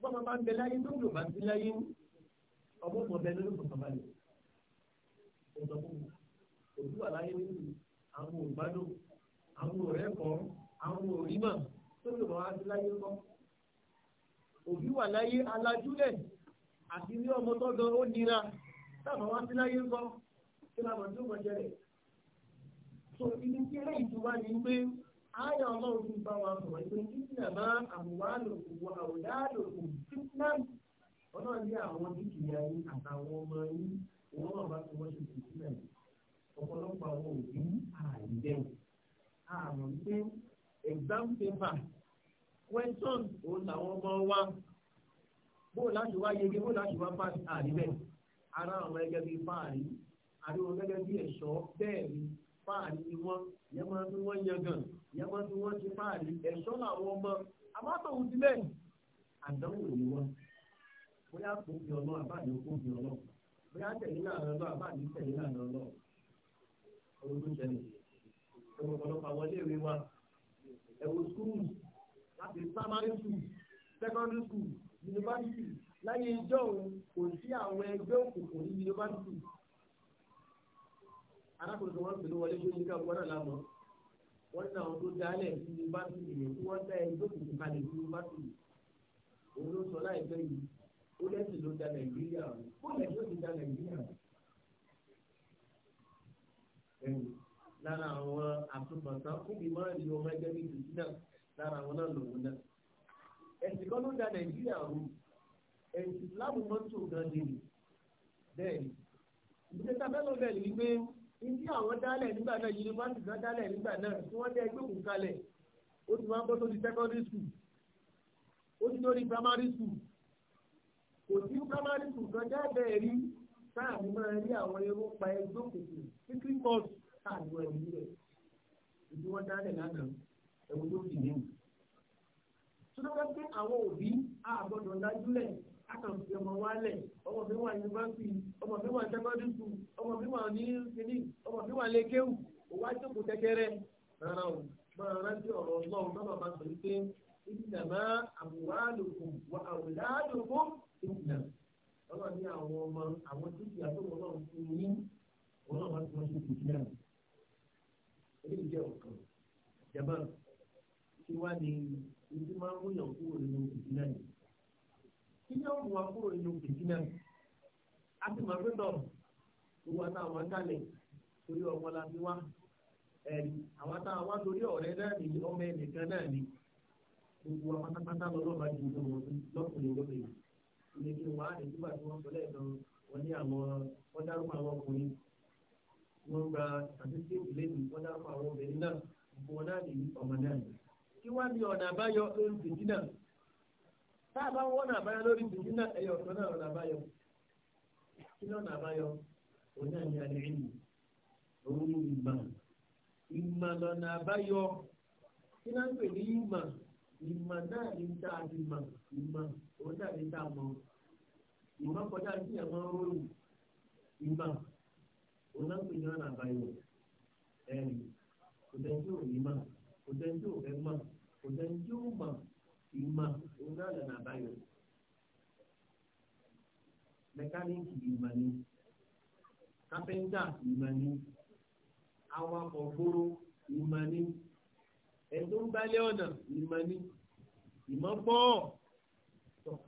Speaker 1: bọ́mọ bá ń bẹ láyé tó yóò bá ti láyé ọmọ ọmọ bẹ lórí kọ̀ọ̀kan balẹ̀ òbí wà láyé nínú àwọn òbádùn àwọn òrẹ́kọ̀ọ́ àwọn òrímọ̀ tó yóò bá wá ti láyé kọ́ òbí wà láyé alájúlẹ̀ àti ní ọmọ tó gan ó nira táàbà wá sí láyé ń bọ́ kí la mọ̀ tí ó mọ̀ jẹrẹ̀. so ibi tí eré ìtura ni pé ayé ọlọ́run ti bá wa sọ̀rọ̀ pé títìlẹ̀ bá àbúwá lòkùn àwòdá lòkùn títìlẹ̀ ọlọ́run ní àwọn dúkìá yín àtàwọn ọmọ yín òun náà bá ti wọ́n ṣe títìlẹ̀ ọ̀pọ̀lọpọ̀ àwọn òbí àìjẹun àrùn pé exam paper question òun làwọn ọmọ wa bó láti wá yege bó láti wá pass àríbẹ̀ ara àwọn ẹgẹ́ bíi fáàrí àríwọ̀ gẹ́gẹ́ bíi ẹ̀ṣọ́ bẹ́ẹ̀ ni fáàrí ni wọ́n yẹn máa fi wọ́n yangàn yẹn máa fi wọ́n ti fáàrí ẹ̀ṣọ́ làwọn ọmọ àbátòun ti bẹ́ẹ̀ àdánwò ni wọ́n bóyá kò fi ọ̀nà àbáàdì kò fi ọ̀nà bóyá tẹ̀lé náà lọ àbáàdì tẹ̀lé náà lọ lọ ọdún tó ṣẹlẹ̀ ẹ̀wọ̀n ọ̀pọ̀lọpọ̀ àwọn ilé ìwé wa ẹ̀wọ̀n skúlù àti primary school secondary school yunifásitì láyé ijó òun kò sí àwọn ẹgbẹ́ òkùnkùn ní yunifásitì arákùnrin kan wọ́n pè ní wọlé gbóyè ká gbọ́dọ̀ lámọ́ wọ́n ní àwọn tó dálẹ̀ sí yunifásitì yẹn tí wọ́n dá ẹgbẹ́ òkùnkùn kalẹ̀ sí yunifásitì òun ló sọ láìpẹ́ yìí ó lẹ́sìn ló da nàìjíríà ó lẹ́sìn ló ti da nàìjíríà lára àwọn àtúntàn fún ìmọ̀ràn ìlú ọmọ ẹgbẹ́ bíi tìtì náà lára àwọn náà lòun náà ẹ̀sìn kan ló da nàìjíríà rú ẹ̀sìn láàmú mọ́tò gan ni bẹ́ẹ̀ ni ìgbésẹ̀ abẹ́lẹ̀ bẹ́ẹ̀ ni wípé ibi àwọn dálẹ̀ nígbà náà yunifásitì náà dálẹ̀ nígbà náà tí wọ́n dẹ́ ẹgbẹ́ òkú kalẹ̀ ó ti máa ń bọ́ sórí secondary school ó ti lórí primary school kò sí primary school kan jáde rí káàmì máa rí àwọn ẹrú pa ẹgbẹ́ òkùnkùn sí kíkọ́ọ̀tù káàmì wọn ìlú rẹ̀ ìdí wọn dálẹ̀ lánàá ẹ̀wù ló fi léwu. Sọ́dọ́gbẹ́ pé àwọn òbí a gbọ́dọ̀ dájúlẹ̀ akànfi ọmọ wa lẹ̀ ọmọ mi wà yunifásitì ọmọ mi wà sẹ́kọ́ndì skul ọmọ mi wà ní kínní ọmọ mi wà lẹ́kẹ́wù òwò àjọkù tẹ́tẹ́rẹ́ rárá o máa rántí ọ̀rọ̀ ọlọ́run bá bàbá sọ wípé ìdìdàmá àwòránùkùn wà àwòránùkùn ìdìdàm ọlọ́run ní àwọn ọmọ àwọn dúkìá tó wọn náà fún yín wọn náà máa ń tọ́jú ìdìdàm. Èyí jẹ́ ọ̀kan. Jàmbá kí wá ní ibi máa ń wúyàn kúrò nínú ìdílé yìí. kí ni ó mú wa kúrò nínú ìdílé yìí? a ti mọ̀ pé tọ̀ gbogbo àtàwọn kálẹ̀ torí ọmọ la fi wá ẹ̀rí àwọn àtàwọn wá torí ọ̀rẹ́ náà ní ọmọ ẹnìkan náà ní gbogbo wa pátápátá lọ́wọ́ bá ju gbogbo wọn lọ́kùnrin lóbìnrin ilé kí wọ́n á lè nígbà tí wọ́n sọ lẹ́ẹ̀kan wọ́n ní àwọn wọ́n dárúkọ àwọn ọkùnrin wọ́n gba àtúntì ìlẹ́yìn wọ́n dárúkọ àwọn obìnrin náà gbogbo wọn náà lè ní ọmọ náà yìí. kí wá ọ̀nà àbáyọ lórí fìtínà tá a bá wọ́n àbáyọ lórí fìtínà ẹ̀yọ̀ ọ̀nà àbáyọ kí lọ́nà àbáyọ òun náà ní òun ní ìmọ̀ ìmọ̀ lọ́nà àbáyọ kí náà pè ní ìmà ìmà náà ìmà òun náà kọjá ọ̀nà kò lẹ́ni yóò mọ̀ ìmọ̀ òun náà lọ́nà àbáyọ. mẹkáníìkì ìmọ̀ ni kápẹ́ńtà ìmọ̀ ni awakọ̀ gbóró ìmọ̀ ni ẹ̀dùn gbálẹ̀ ọ̀nà ìmọ̀ ni ìmọ̀ pọ̀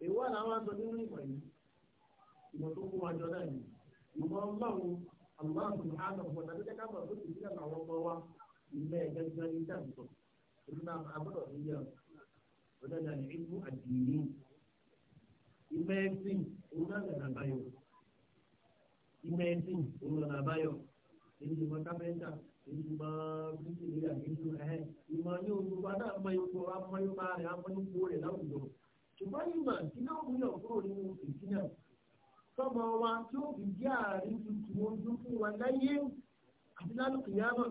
Speaker 1: ìwọ làwọn aṣọ nínú ìmọ̀ yìí ìmọ̀ tó kó wa jọ náà yìí ìmọ̀ ọlọ́run àwọn àbùkù àgbà ọ̀pọ̀ tàbí kẹ́kẹ́ àbọ̀ tó ti sílẹ̀ àwọn ọmọ wa ìmọ̀ ẹ̀gẹ́gẹ́ ní ìdáàbòbò ìdúná agbọ́dọ̀ ní yẹ ọ̀dọ́dà ní ibú àdìrí ìmọ̀ ẹ̀sìn ìmọ̀lẹ̀ nàbáyọ̀ ìmọ̀ ẹ̀sìn ìmọ̀lẹ̀ nàbáyọ̀ èyí ti mọ kápẹ́ńtà èyí ti mọ bíríkìlì àgbẹ̀jù ẹ̀ ìmọ̀ ní olùkọ́ náà mọ ipò amọ̀yọ́pá rẹ̀ amọ̀yọ́pọ̀ rẹ̀ láwùjọ ṣùgbọ́n ìmọ̀ tí náà mú yàn kúrò nínú ìdínà tọmọ wa tí ó fi jẹ́ àárín tuntun ojú fún wa láyé àti lálùkìyàmọ̀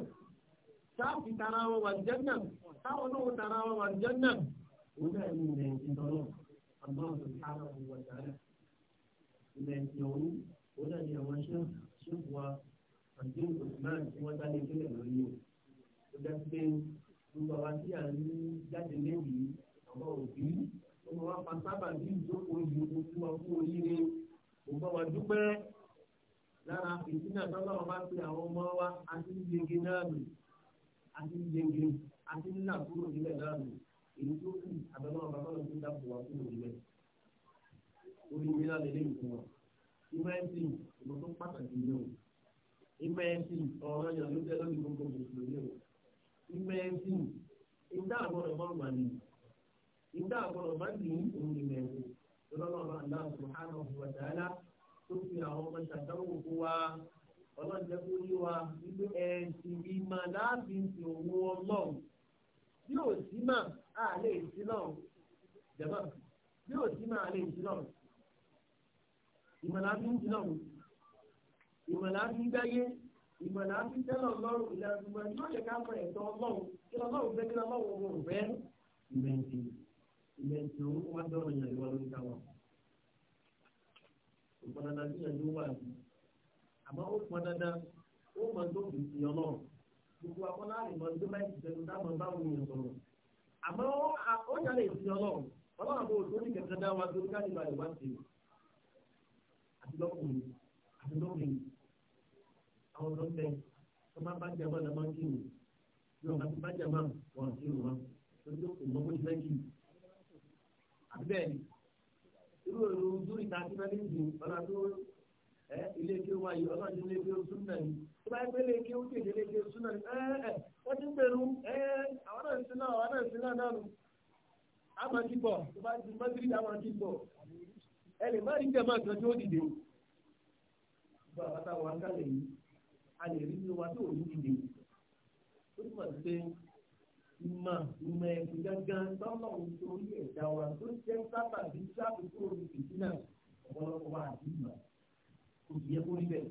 Speaker 1: táàbì tara wọn wà jẹ́nà táwọn náà tara wọn wà jẹ́nà. òun náà ní ilẹ̀ ìsìn tọ́lọ̀ àmọ́ òun tara wọn wà jẹ́nà. ilẹ̀ ìsìn òun òun náà ní àwọn ṣé ṣùgbọ́n wa àti Usman tí wọ́n dálé sílẹ̀ lórí o. ó dá sí pé gbogbo àwa tí à ń jáde léwu àwọn òbí wọn wá pa sábà bí ìjókòó yìí ó fún wa fún oríire òun bá wa dúpẹ́ lára ìdínà tọ́lọ́wọ́ bá pe àwọn ọmọ wa àti ìgbèǹgè náà nù àti gbẹngbẹng àti nà kúrò nílẹ̀ náà nù èyí tó kù àbẹ̀mọ́ bàbá mi tó dàpọ̀ wá kúrò nílẹ̀ orí mi náà lélẹ́yìn fún wa ìmọ̀ ẹ̀sìn ìmọ̀ tó pàtàkì yẹn o ìmọ̀ ẹ̀sìn ọ̀rọ̀ yẹn ló jẹ́ lórí gbogbo mùsùlùmí o ìmọ̀ ẹ̀sìn ìdá àgbọ̀dọ̀ bá wà ní ìdá àgbọ̀dọ̀ bá ní òun ìmọ̀ ẹ̀sìn lọ́lọ́run Allah ọlọ́run jẹ́ kó yé wa wípé ẹ̀sìn ìmọ̀ láti fi òun ọlọ́run bí ò sí mà á lè sí náà jẹ̀mọ́ bí ò sí mà á lè sí náà ìmọ̀ láti ń sí náà ìmọ̀ láti ń gbáyé ìmọ̀ láti ń tẹ́lọ̀ lọ́rùn ìlànà ìmọ̀ yóò lè ká mọ ẹ̀tọ́ ọlọ́run kí lọ́lọ́run fẹ́ kí lọ́lọ́run òun fẹ́ ìmẹ̀ǹtì ìmẹ̀ǹtì òun wá dọ́rọ̀ yàn ìwà lórí káwọn. ìpàdánù àmọ́ ó pọn dandan ó mọ tó kù sí ọlọ́run gbogbo akọ́lá àrìmọ́ tó bá ìṣẹ̀lẹ̀ dáàmú báwo ni ìṣòro àmọ́ ó yàrá ìṣẹ̀lẹ̀ ọlọ́run ọlọ́run àbò òṣèlú kẹ̀kẹ́ dá wa tó ká nípa ìwà sí i àti lọ́kùnrin àti lọ́kùnrin àwọn ọ̀dọ́ bẹ tó máa bá jàmbá lọ́mọ kí ni yóò máa bá jàmbá wọn kí ni wọn tó tó kù mọ́ bó ti fẹ́ kí ni àbí bẹ́ẹ̀ ni irú ilé kí ó wáyé ọlọ́run ilé kí ó sún náà ni tó bá gbé ilé kí ó kéde ilé kí ó sún náà ni wọ́n ti ń gbèrú àwọn náà sí náà àwọn náà sí náà náà nù. àmọ́ ti bọ̀ tó bá ti mọ́tìrì àmọ́ ti bọ̀ ẹ lè má rí jẹ̀mọ́ àtọ́jú ó dìde o. gbogbo àbáta wa kálẹ̀ yìí a lè rí ní wa tó ò dìde ó túmọ̀ sí pé ìmọ̀ ìmọ̀ ẹ̀sìn gángan tọ́lọ̀ nítorí ẹ̀dá wa tó jẹ́ wa àti ìyẹ́ kó níbẹ̀.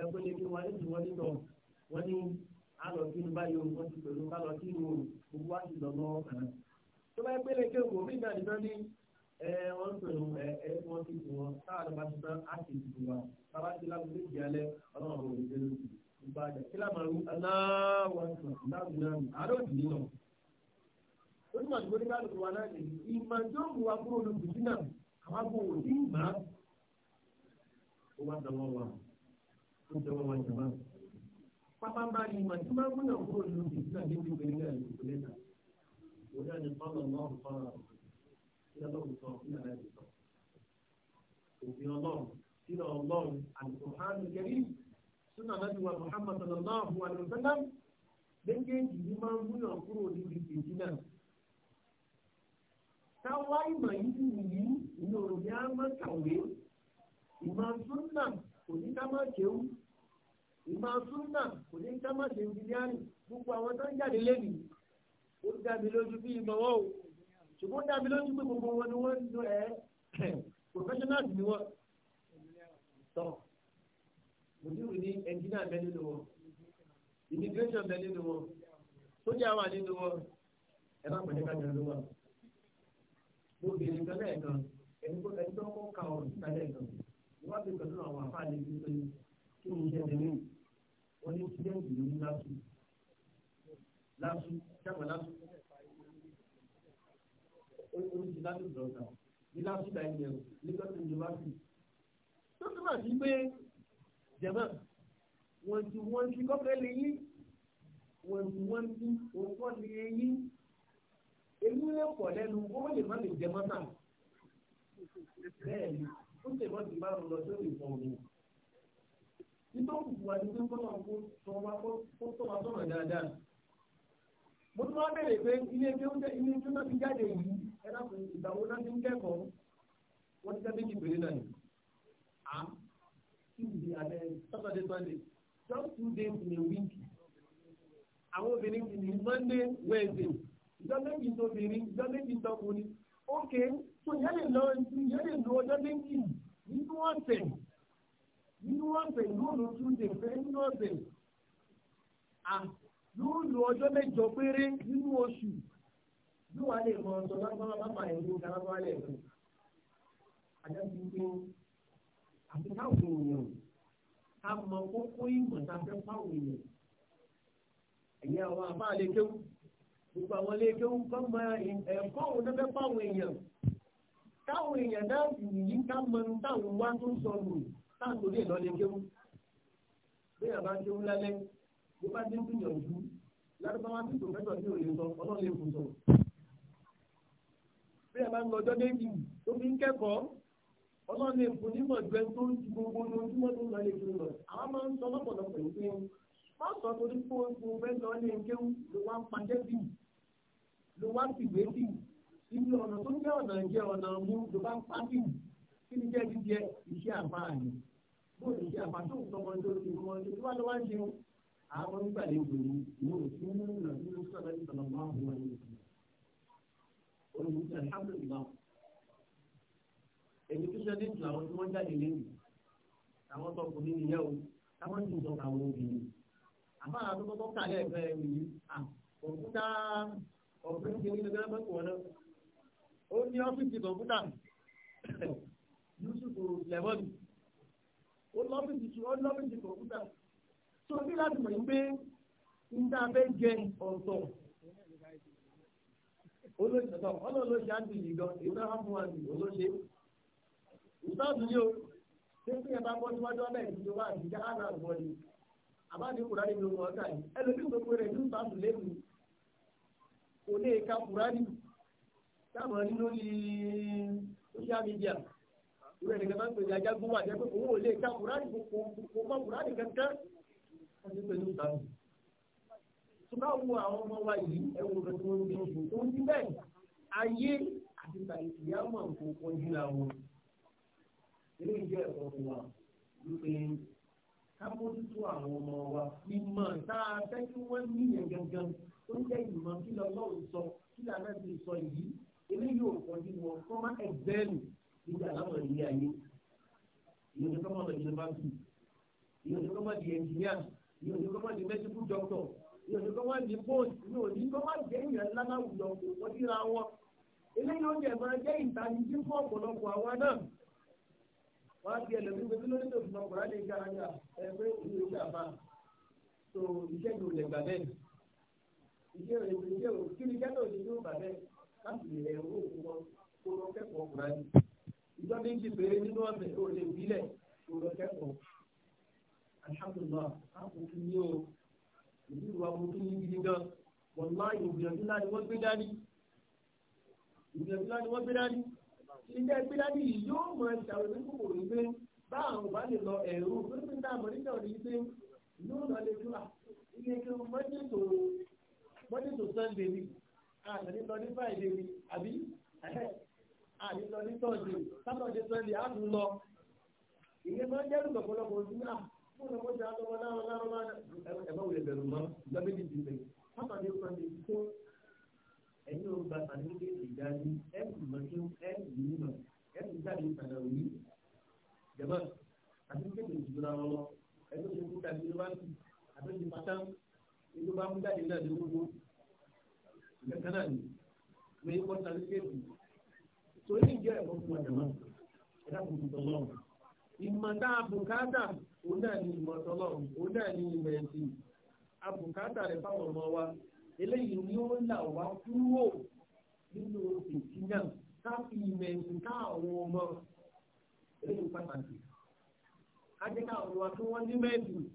Speaker 1: ẹ̀kọ́ lè fi wọlé tí wọ́n tọ̀ wọ́n ní àlọ́ kí ní báyìí ohun wọ́n ti pẹ̀lú bá lọ kí ní ohun gbogbo wá sí lọ́mọ ọ̀kan. tó bá pẹ́ lè kéwòn mí náà nìkan ní wọ́n ń pẹ̀lú ẹ̀ wọ́n ti fún wọn táwọn ọba ti tán á sì fún wa bàbá ti lágùn méjì alẹ́ ọlọ́run ò ní dé lóṣù ìgbàjà kí lámàrú aláwọ̀ láwùjáwù àlóòjì náà ó túmọ̀ sí pé nígbà tó wá dọwọ́ wa ó dọwọ́ wa jọba. pápá bá yìí mà tí máa ń múnà kúrò nínú ìdílé àti ìlú ìgbẹ́ nílẹ̀ ìlú lẹ́tà wọ́n yá ni fọ́nà náà fọ́nà ìlú ọlọ́run sọ ìlú àlẹ́ sọ. òfin ọlọ́run sílẹ̀ ọlọ́run àlùkòhánù kẹrí súnà láti wà Muhammad sallallahu alayhi wa sallam méjèèjì ni máa ń múnà kúrò nínú ìdílé náà táwa ìmọ̀ yìí nìyí ìlú òròyìn á máa kàwé ìmọ̀ súnà kò ní ká má kéwú ìmọ̀ súnà kò ní ká má ṣe ìdílẹ́rì gbogbo àwọn tó ń jáde lẹ́nu ó dá mi lójú bí ìmọ̀wọ́ o ṣùgbọ́n ó dá mi lójú pé gbogbo wọn ni wọ́n ń lo ẹ̀ professionals ni wọ́n tọ̀ òdìwò ní ẹnjìnà bẹ nínú wọn immigration bẹ nínú wọn sójà wà nínú wọn ẹ bá pẹ̀lú kájà ló wà mo bèrè nǹkan lẹ́ẹ̀kan ẹni tó kọ́ ka ọ̀rọ̀ síta lẹ́ẹ̀kan wọ́n ti pẹ̀lú àwọn àfáàlẹ́ yìí pé kí ni iṣẹ́ ti wọ́n ní sídẹ́ǹtì ló ní lásù lásù jápọ̀ lásù oríṣi lásù dọ̀ọ̀tà ní lásù dà ilẹ̀ o lẹ́gbẹ̀ẹ́ yunifásitì tó túmọ̀ sí pé jẹ̀mọ́ wọ́n ti wọ́n ti kọ́kẹ́ lè yí wọ́n ti wọ́n ti òkọ́ lè yí èyí pọ̀ lẹ́nu owó lè má lè jẹ mọ́tà bẹ́ẹ̀ ni ó lè mọ́ ti máa lọ sórí ìfọ̀ mi. Títọ́ òkùnkùn wa ni pé kó náà kó tọ́ wa kó tọ́ wa sọ̀rọ̀ dáadáa. Mo tún wá bẹ̀rẹ̀ pé ilé ẹgbẹ́ oúnjẹ ilé ẹgbẹ́ náà ti jáde yìí ẹ dákun ìgbà wo náà ti ń kẹ́kọ̀ọ́ wọ́n ti jáde ìbèrè náà ni. À kí ni alẹ́ Saturday Sunday just two days in a week. Àwọn obìnrin kì í Monday Wednesday. Ìjọ méjì tóbi rí, ìjọ méjì tọkùnrin. Ó kéé tó yẹn lè lọ yẹn lè lo ọjọ́ méjì nínú ọ̀sẹ̀ nínú ọ̀sẹ̀ lóòlù túnde fẹ́ nínú ọ̀sẹ̀ lóòlù ọjọ́ mẹ́jọ péré nínú oṣù yóò wá lè mọ ọ̀sọ̀ lágbára bàbá ẹ̀ ló dára wá lẹ̀ fún àjọṣe pé àti káwọn èèyàn ká mọ kókó ìmọ̀ tá a fẹ́ fáwọn èèyàn ẹ̀yìn àwọn àbá àlékéwù gbogbo àwọn àlékéwù kọ́ mọ ẹ̀kọ́ òun tó fẹ́ fáwọn èèyàn táwọn èèyàn náà sì yí ká mọ táwọn wá tó ń sọnù táwọn torí ẹ̀ lọ́lẹ̀ kéwú bẹ́ẹ̀ bá kéwú lálẹ́ bó bá dé gbìyànjú lárúbáwá tí pòfẹ́sọ̀ ní òye sọ ọlọ́lẹ̀ kò sọ. bẹ́ẹ̀ bá ń lọ ọjọ́ méjì tó fi ń kẹ́kọ̀ọ́ ọlọ́lẹ̀ kò nímọ̀ ju ẹni tó ń ju gbogbo ojoojúmọ́ tó ń lọ ilé kéwú lọ àwọn máa ń sọ lọ́pọ̀lọpọ̀ ìpín má sọ torí pé ibi ọ̀nà tó jẹ́ ọ̀nà jẹ́ ọ̀nà mú ló bá ń pàdé kí ni jẹ́ jíjẹ iṣẹ́ àǹfààní ni bóyá iṣẹ́ àǹfààní tó ń sọ ọmọdé ló ti mọ ọdún tí wọ́n lọ wá ń jẹun àwọn onígbàlejò ni ìwọ òsì ń mú ìlànà nínú sọ̀rọ̀ ìtàn máa ń wọ ẹni olùkọ́ alhamdulilah èmi tó ṣe nítorí àwọn tí wọ́n jáde lẹ́yìn àwọn tọkùnrin nìyẹn o táwọn ti sọ àwọn obìnrin àmọ́ àwọn tó kọ́kọ́ kàlẹ́ ẹ̀fẹ́ mi yìí òkúta ọ̀pẹ́ ń ṣe ní ẹgbẹ́ mẹ́kọ̀ọ́ náà ó ní ọ́fíìsì kọ̀ǹpútà yusuf lẹ́wọ́nì ó lọ́fíìsì tí ó lọ́fíìsì kọ̀ǹpútà tó ní láti mọ̀ pé ń dá abẹ́ jẹ ọ̀tọ̀ olóṣèlú ọlọ́ọ̀lọ́ṣe àti ìgbọ̀n ìgbà wọn fún wa ní olóṣè ìtọ́jú yìí o ṣé kí ẹ bá bọ́ síwájú ọbẹ̀ ìjọba àtijọ́ àgbà bọ́ọ̀lì àbáde kùránì ló ń wọ́n káyìí ẹlòmíì gbogbo rẹ̀ ní ìbámu lẹ́nu kò ní ìka kùránì táwọn ẹni lórí social media ìwé ẹ̀dẹ̀gẹ̀ máa ń pèsè ajágún wà jẹ́ pé òun ò lè ka kùránì kò mọ kùránì kankan wọ́n ti pẹ̀lú ìbámu. tó bá wo àwọn ọmọ wa yìí ẹ̀wọ̀n rẹ̀ tó ń bí oṣù tó ń bí bẹ́ẹ̀ ayé àti tàìsì yá mọ̀ nǹkan kan jùlọ wọn. eré ìjẹ́ ẹ̀kọ́ fún wa wípé ká mójútó àwọn ọmọ wa ìmọ̀ tá a fẹ́ kí wọ́n níyẹn gangan tó ń jẹ́ ìmọ̀ kí lọ́lọ́run sọ kí lànà sọ yìí eléyìí yóò kọjú wọn kọ́ má ẹgbẹ́rù nígbà láwọn ìlú ayé ìyẹn tó kọ́ má di yunifásitì ìyẹn tó kọ́ má di ẹnjìníà ìyẹn tó kọ́ má di mẹsíkù dọ́kítọ̀ ìyẹn tó kọ́ má di bóòtù ìyẹn tó kọ́ má di ẹ̀yìn lánàá wùdọ̀ kò kọjú ra wọn eléyìí ó jẹ máa jẹ ìtanijí fún ọ̀pọ̀lọpọ̀ àwọn náà wọ́n á fi ẹlẹ́mí pé kí ló ní tó fún ọkùnrin àti ìjà àjà ẹgbẹ́ òní ìjà àbá tó iṣẹ́ ìlú láti ilẹ̀ owó wọn kó lọ kẹ́kọ̀ọ́ kúrẹ́ ní. ìjọ méjì péré nínú ọ̀sẹ̀ tó lè bílẹ̀ kó lọ kẹ́kọ̀ọ́. alhamdulilayi àkókò ní o ìlú ìwà àkókò ní gidi gan wọn máa yọ ìgbìyànjú náà ni wọ́n gbé dání. ìgbìyànjú náà ni wọ́n gbé dání. ìjà gbé dání yìí yóò mọ ìṣàwọn oníkòkòrò yìí pé bá àwọn bá lè lọ ẹ̀rù tó ti ń dá àmọ́ nígbà òní pé yóò lọ lè tó à ilé kí wọ́n mọ́tò sunday ni àní lọ ní fàìdé mi àbí àní lọ ní tọ́jú sátọ̀dé sọ́ndé á tún lọ. ìyẹn máa ń dẹ́rù lọ́pọ̀lọpọ̀ ojú náà fún ọmọ ìjà àtọmọ náà náà máa ẹ bá wulẹ̀ bẹ̀rù mọ́ lọ́mídìí ti bẹ̀rù sátọ̀dé sọ́ndé tó ẹ̀yin ò gba sàdédé ìdájú ẹ̀ kù mọ́ sí ẹ̀ yìí mọ̀ ẹ̀ kù jáde ìtàdà òní. jẹ̀mọ́ sàdédé ìdúrà wọn ẹgbẹ́ òṣèlú tàbí yunifásitì àbẹ́sẹ̀ pátá ìlú bá mú jáde náà lé ìgbẹ́kẹ́lá ni pé wọ́n ta lé kéèkì tó ní ìjọ ẹ̀kọ́ fún ọ̀dọ̀mọ́ ẹ̀dá kò tó tọ̀lọ́ ìmọ̀ta àbùkátà òun náà ni ìmọ̀ tọ̀lọ́ òun náà ni ìmọ̀ ẹ̀sìn àbùkátà rẹ̀ fáwọn ọmọ wa eléyìí ni ó là wá kúrò nínú ìtìjà káfí ìmọ̀ káwọn ọmọ eléyìí pàtàkì kájẹ́ káwọn wa tí wọ́n ní mẹ́ẹ̀sìn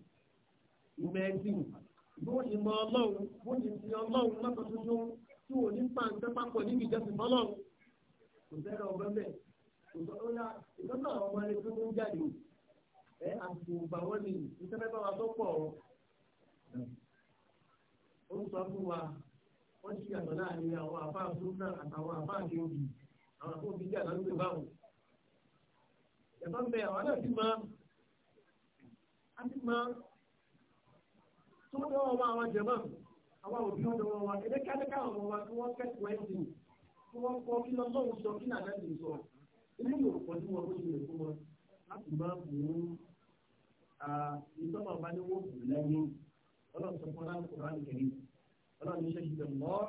Speaker 1: ìmọ̀ bó ìmọ̀ ọlọ́run bó ìsìn ọlọ́run lọ́kàn tuntun tí wò ní pàǹtẹ́ papọ̀ níbi ìjọsìn fọlọ́run kò fẹ́ràn ọgbẹ́ bẹ́ẹ̀ kò sọ ó yá ìtọ́jú àwọn ọmọ ẹni tó ń jáde ẹ àsìkò ògbà wọn ni ìtẹ́fẹ́ bá wa tó pọ̀ ọ́ ó ń sọ fún wa wọ́n ti yàtọ̀ láàrin àwọn àfáà fúnra àtàwọn àfáà tí ó bì àwọn àfáà òbí jà lọ́dún ìbáwò ń bẹ àwọn náà máa tó dọ́wọ́ wa àwọn jẹ̀mọ́ àwọn òbí wọn dọ́wọ́ wa ẹ̀dẹ́kẹ́dẹ́kẹ́ àwọn ọmọ wa kí wọ́n kẹ́kọ̀ọ́ ẹ̀sìn kí wọ́n kọ́ kí lọ́sọ̀rọ̀ sọ kí nàdá sì sọ ilé yóò pọ̀ sí wọn bó ṣe lè fún wọn láti máa bù ú ìtọ́nà ọba ní wọ́n bù lẹ́yìn ọlọ́run sọ fún wọn láti kọ̀ọ̀rọ̀ àlùkẹ́rì ọlọ́run ní sẹ́yìn lọ́ọ́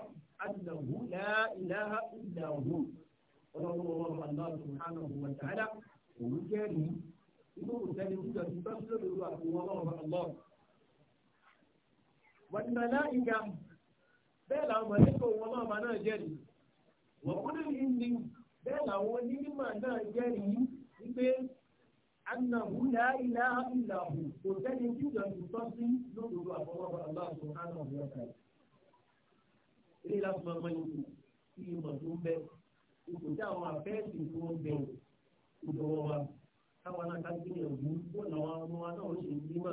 Speaker 1: àdìdàwù láìláha ìdàwù ọlọ́run wọn wà lọ́wọ́ subhanahu wa ta'ala òun jẹ́rìí inú kò sẹ́ni nígbà tí bá ń lọ́ọ́ lọ́wọ́ àti wọn lọ́wọ́ wàtìmọ̀lá ìgbà bẹ́ẹ̀ làwọn mọ̀lẹ́kọ̀ wọn náà máa náà jẹ́rìí wọ́n kúrò yìí ni bẹ́ẹ̀ làwọn onímọ̀ náà jẹ́rìí wípé annahu la ilaha illa hu kò sẹ́ni tí ìjọ ìtọ́ sí lódodo àfọwọ́fọ́ Allah subhanahu wa ta'ala. ilé láti máa mọ ipò ìmọ̀ tó ń bẹ ipò tí àwọn afẹ́ẹ̀sì tó ń bẹ ìdọ̀wọ́ wa káwọn alága gbìyànjú bó làwọn ọmọ wa náà ṣe ń bímọ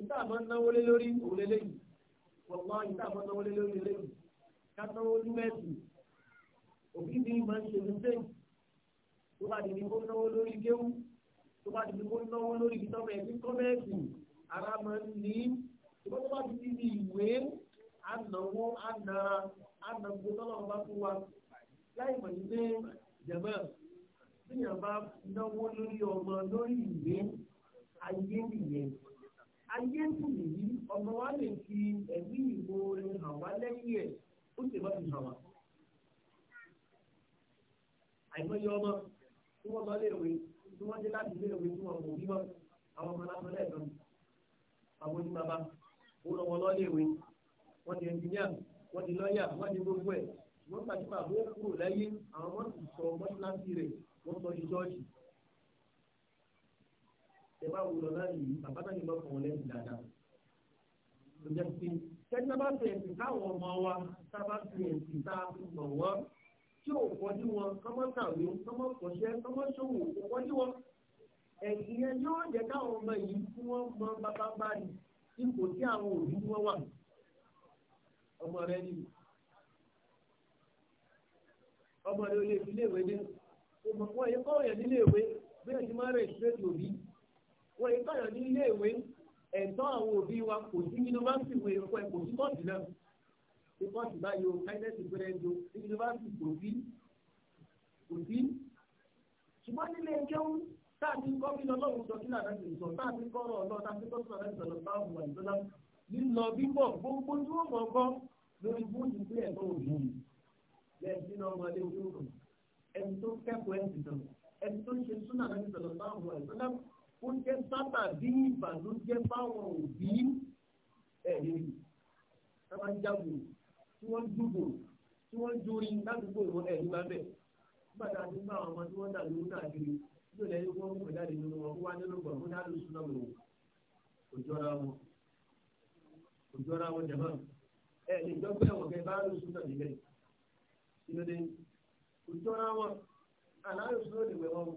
Speaker 1: ìta àmọ́ náwó lé lórí òun lé lẹ́yìn wọ̀gbọ́n ìta àmọ́ náwó lé lórí lẹ́yìn kátáwó ní mẹ́sì òbí mi máa ń ṣe ní sẹ́yìn tó bá dìbí kó náwó lórí géwú tó bá dìbí ti di ní ìwé ànáwó àná ànàgbó tọ́lọ́wọ́ bá fún wa láì mọ̀ nílé jẹ̀mọ́ tíyàn bá náwó lórí ọmọ lórí ìwé ayé nìyẹn ayé ń kù yìí ọmọ wa lè fi ẹ̀mí ìbò rẹ̀ hàn wá lẹ́yìn ẹ̀ ó sì bá ti hàn wá. àìmọye ọmọ tí wọ́n lọ léèwé tí wọ́n dé láti léèwé tí wọ́n kò bí mọ́ àwọn ọmọ lásán lẹ́ẹ̀kan àwọn oní bàbá ó lọ wọn lọ wọ́n di ẹnjìníà wọ́n di lọ́ọ̀yà wọ́n di gbogbo ẹ̀ wọ́n gbàdúrà bó kúrò lẹ́yìn àwọn ọmọ sì sọ mọ́ṣáláṣí rẹ̀ wọ́n sọ ju ṣọ́ọ̀ṣì ẹ bá wúlọ láàyè bàbá náà yìí bá fọwọ́ lẹ́yìn dáadáa. Ǹjẹ́ pé kẹ́kẹ́ bá fi ẹ̀sìn káwọn ọmọ wa tá a bá fi ẹ̀sìn tá a fi mọ̀ wọ́n tí ò kọjú wọn kọ́mọ́ kàwé kọ́mọ́ kọ́ṣẹ́ kọ́mọ́ ṣòwò kò kọjú wọn. Ẹ̀sìn yẹn yóò jẹ́ káwọn ọmọ yìí kí wọ́n mọ bàbá báyìí ipò tí àwọn òbí wọn wà. Ọmọ rẹ ni ọmọ rẹ ò lè fi léèwé dé. Òmùkọ́ yẹ kọ́ ọ̀yàn níléèwé bí ẹ̀sìn máa rẹ̀ ṣe é tòbí wọ́n yìí báyọ̀ ní ilé ìwé ẹ̀tọ́ àwọn òbí wa kò sí yunifásitì wo ẹ̀kọ́ ẹ̀kọ́ sí kọ́ọ̀tù náà ṣe kọ́ọ̀tù báyìí o kindness is very low ní yunifásitì kò sí kò sí. ṣùgbọ́n nílé ẹjọ́ táàbí kọ́ bí lọ́lọ́run sọ kí làdájọ́ ìsọ̀ táàbí kọ́rọ̀ ọ̀lọ́ táàbí kọ́sọ̀ làdájọ́ ìsọ̀ táàbù àìsọ́lá lílọ bíbọ̀ gbogbo tí wọ́n mọ̀ gbọ́ lórí bóyú pé ẹ̀tọ́ òbí lẹ́yìn tí wọ́n mọ̀ lé ó jẹ́ sábà bí ìbànújẹ́ báwọn òbí ẹ̀rí sábà ń jáwò tí wọ́n ń dúdò tí wọ́n ń jórí ládùúgbò wọn ẹ̀rí máa bẹ̀. nígbà tá a ti ń bá àwọn ọmọ tí wọ́n ń dà lóhùn káàkiri yóò lẹ́yìn wọ́n ń pè jáde nínú wọn kó wá nínú gbọ̀n fún dáàlú sùn náà wò kò jọra wọn kò jọra wọn jẹ̀mọ́ ẹ̀ lè jọ pé àwọn kẹfà ló sùn náà níbẹ̀ ìnúdẹ kò jọra wọn àlàyé sùn náà lè wẹ̀ wọn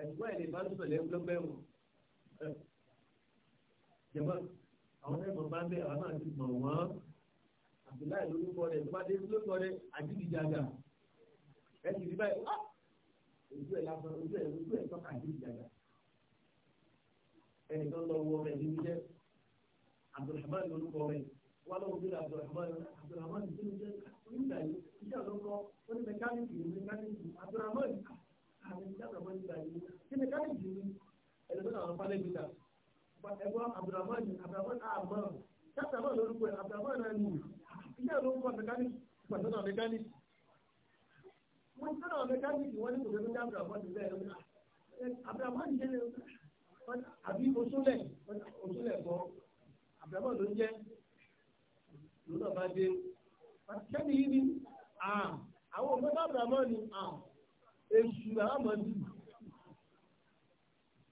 Speaker 1: ẹ̀dùnkọ́ ẹ̀ lè bá lùsọ̀lẹ̀ ńlọ́gbẹ́ wọn jẹ̀mọ́ àwọn ẹ̀mọ́ bá ń bẹ̀ àwọn náà ti mọ̀ wọ́n àbíláì lórúkọ rẹ̀ tó bá dé lórúkọ rẹ̀ àjídìjàgà ẹ̀ sì rí báyìí ah! ojú ẹ̀ lásán ojú ẹ̀ ojú ẹ̀ tọ́ka àjídìjàgà ẹnìkan lọ wọ ọmọ ẹni jẹ Abdulrahman lórúkọ rẹ̀ wọn lọ wọlé Abdulrahman Abdulrahman ti dé jẹ nígbà yìí iṣẹ́ lórúkọ wọn ní mẹkáníìkì ní mẹkáníìkì Abdulrahman àti ìjà Abdulrahman ẹni tó náà fálẹ́ gbé ta ẹgbọ́n abdulrahman abdulrahman ahmad káàtà náà lórúkọ ẹ abdulrahman náà nù ilé ẹ̀ lórúkọ mẹkáníkì pàṣẹ náà mẹkáníkì wọ́n ti náà mẹkáníkì wọ́n ní kò tẹ́lẹ̀ abdulrahman ti bẹ́ẹ̀ abdulrahman jẹ́ àbí osúlẹ̀ osúlẹ̀ kọ́ abdulrahman ló ń jẹ́ lọ́nà bá dé kẹ́ni yìí ni àwọn ọmọdé abdulrahman ni èṣù làwọn mọ̀ ní.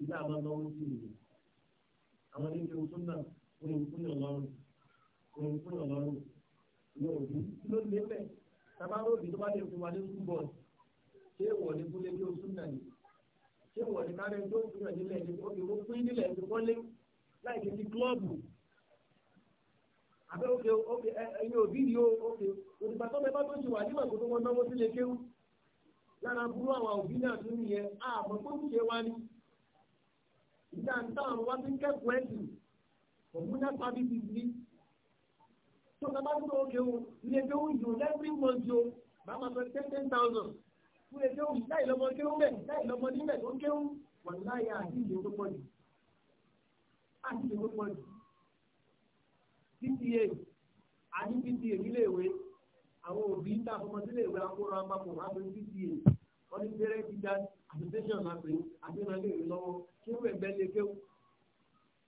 Speaker 1: ìgbà máa lọ́wọ́ sí ìlú àwọn ilé oṣù náà orin kúnyàn lọ́rùn orin kúnyàn lọ́rùn ìwọ òbí ló lé bẹ́ẹ̀ sábà lóbi tó bá lè fún wa ní túbọ̀ ṣé ìwọ ní kúlé ní oṣù náà ni ṣé ìwọ ní kárẹ́ tó fún yàn nílẹ̀ ní kó ìwọ fún nílẹ̀ ní wọ́lé láì ní ti kílọ́ọ̀bù àbẹ́ òkè òkè ẹ̀yin òbí yìí òkè òdìgbà tó bẹ bá tó ti wà nígbà tó tó wọn náwó sílé kéwù lára burú àwọn òbí náà tó nìyẹn àmọ́ tó ń ṣe wá ní ìjà ń tán àwọn wáṣí kẹ́kọ̀ọ́ ẹ̀sìn òun náà pàbí ti di. tó ká bá tó oge o ilé tó ń yòó lẹ́gbẹ̀rún mọ́ ju o bá máa sọ ten ten thousand fún ilé tó ń láì lọ́mọ kéwú bẹ̀ láì lọ́mọ níbẹ̀ tó kéwú wà láyà àti ìdè tó pọ̀ jù àti ìdè tó pọ̀ jù pta àti pta nílé ìwé àwọn òbí ń tàbí ọmọ sílé ìwé akóró apapọ̀ wọn á pè pta wọn ní bẹ̀rẹ̀ ti dá association náà pé àti ìrànlẹ́ ìwé lọ́wọ́ ṣé wúrẹ̀ gbẹ lè kéwù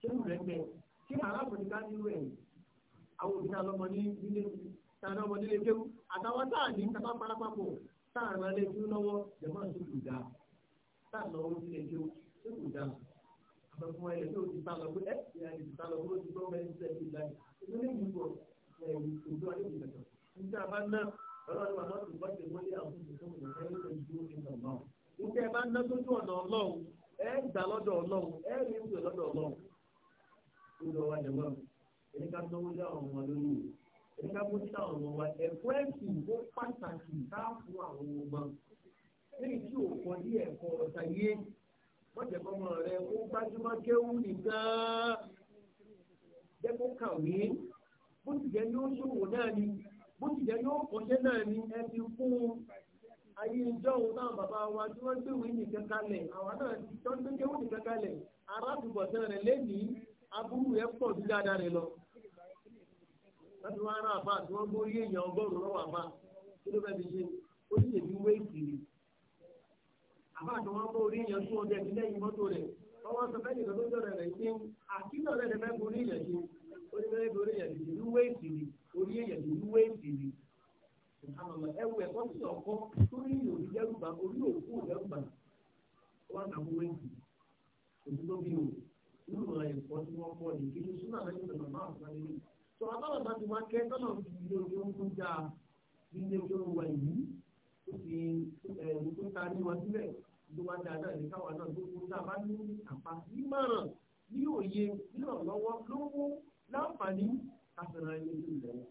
Speaker 1: ṣé wúrẹ̀ gbẹ ṣé arákùnrin ká ní wúrẹ̀ àwọn òbí náà lọ́mọ ní ilé náà lọ́mọ nílé kéwù àtàwọn táà ní kápá parapapọ̀ táà rán lé kéwù lọ́wọ́ jẹ̀mọ́ tó kù dáa táà lọ́wọ́ nílé kéwù tó kù dáa àbẹ̀fọ́ ẹ̀ tó ti sá lọ pé ẹ̀ ìyá ti sá lọ pé ó ti gbọ́ mẹ́rin sẹ́ẹ̀ ti láyé ìdílé yìí bọ̀ ẹ̀ òjò alẹ́ ìgbẹ̀jọ̀ níta bá ná ọlọ́run àbá tó bá ti wọlé àwọn ìgbẹ̀jọ̀ ìgbẹ̀jọ̀ ìgbẹ̀jọ̀ ìgbẹ̀jọ̀ ìgbẹ̀jọ̀ ẹ gbà lọ́dọ̀ ọlọ́run ẹ rí ìwé lọ́dọ̀ ọlọ́run lọ́dọ̀ wa jẹ̀ ẹni ká tó wọlé àwọn ọmọ lórí ẹni ká bójú àwọn ọmọ wa ẹ̀kọ́ ẹ̀sìn pàtàkì ká fún àwọn ọmọ tí ò ní ẹ̀kọ́ yé ó gbájúmọ́ kéwú nìkan jẹ́ kó kàwé bó ti jẹ́ yóò ṣòwò náà ni bó ti jẹ́ yóò ayé ìjọ òun náà bàbá wa tí wọ́n gbé wíì nìkan kalẹ̀ àwọn náà ti tọ́ ń gbé wíì nìkan kalẹ̀ arábùbọ̀sẹ̀ rẹ̀ lẹ́nìí aburú rẹ̀ pọ̀ ju dáadáa rẹ̀ lọ. láti wá ara àbá tí wọ́n gbórí èèyàn ọgọ́rùn-ún lọ́wọ́ àbá kí ló fẹ́ fi ṣe ó sì lè fi wé ìkìlì. àbá tí wọ́n gbórí èèyàn tún ọdẹ ìdílé yìí mọ́tò rẹ̀ ọwọ́ sọ fẹ́ nìkan tó jọ rẹ̀ rẹ̀ ṣe àkíyàn rẹ̀ fẹ́ borí èèyàn ṣe ó ní fẹ́ borí èèyàn ṣe ìlú wé ìkìlì orí èèyàn ẹwù ẹ̀kọ́ sí ọkọ tó ní ìlú ìdẹ́rùbà orí òkú ìdẹ́rùbà wọn kà fún wẹ́ǹtì òtún tó bí o nínú ọ̀rọ̀ ẹ̀kọ́ tí wọ́n kọ́ ní kí ní súnà lẹ́yìn tó máa fún wọn nílé tó àbáwọ̀ bá ti wá kẹ́ tọ́nà ti ilé ojú oúnjẹ já ilé ojú wa yìí ó ti ẹ̀rù tó ta ní wa sílẹ̀ ló wá dáadáa ní káwa náà tó kún tá a bá ní àpá nímọ̀ràn ní òye nírànlọ́wọ́ lówó láǹfààní àfẹ̀rẹ̀ ẹni tó wọn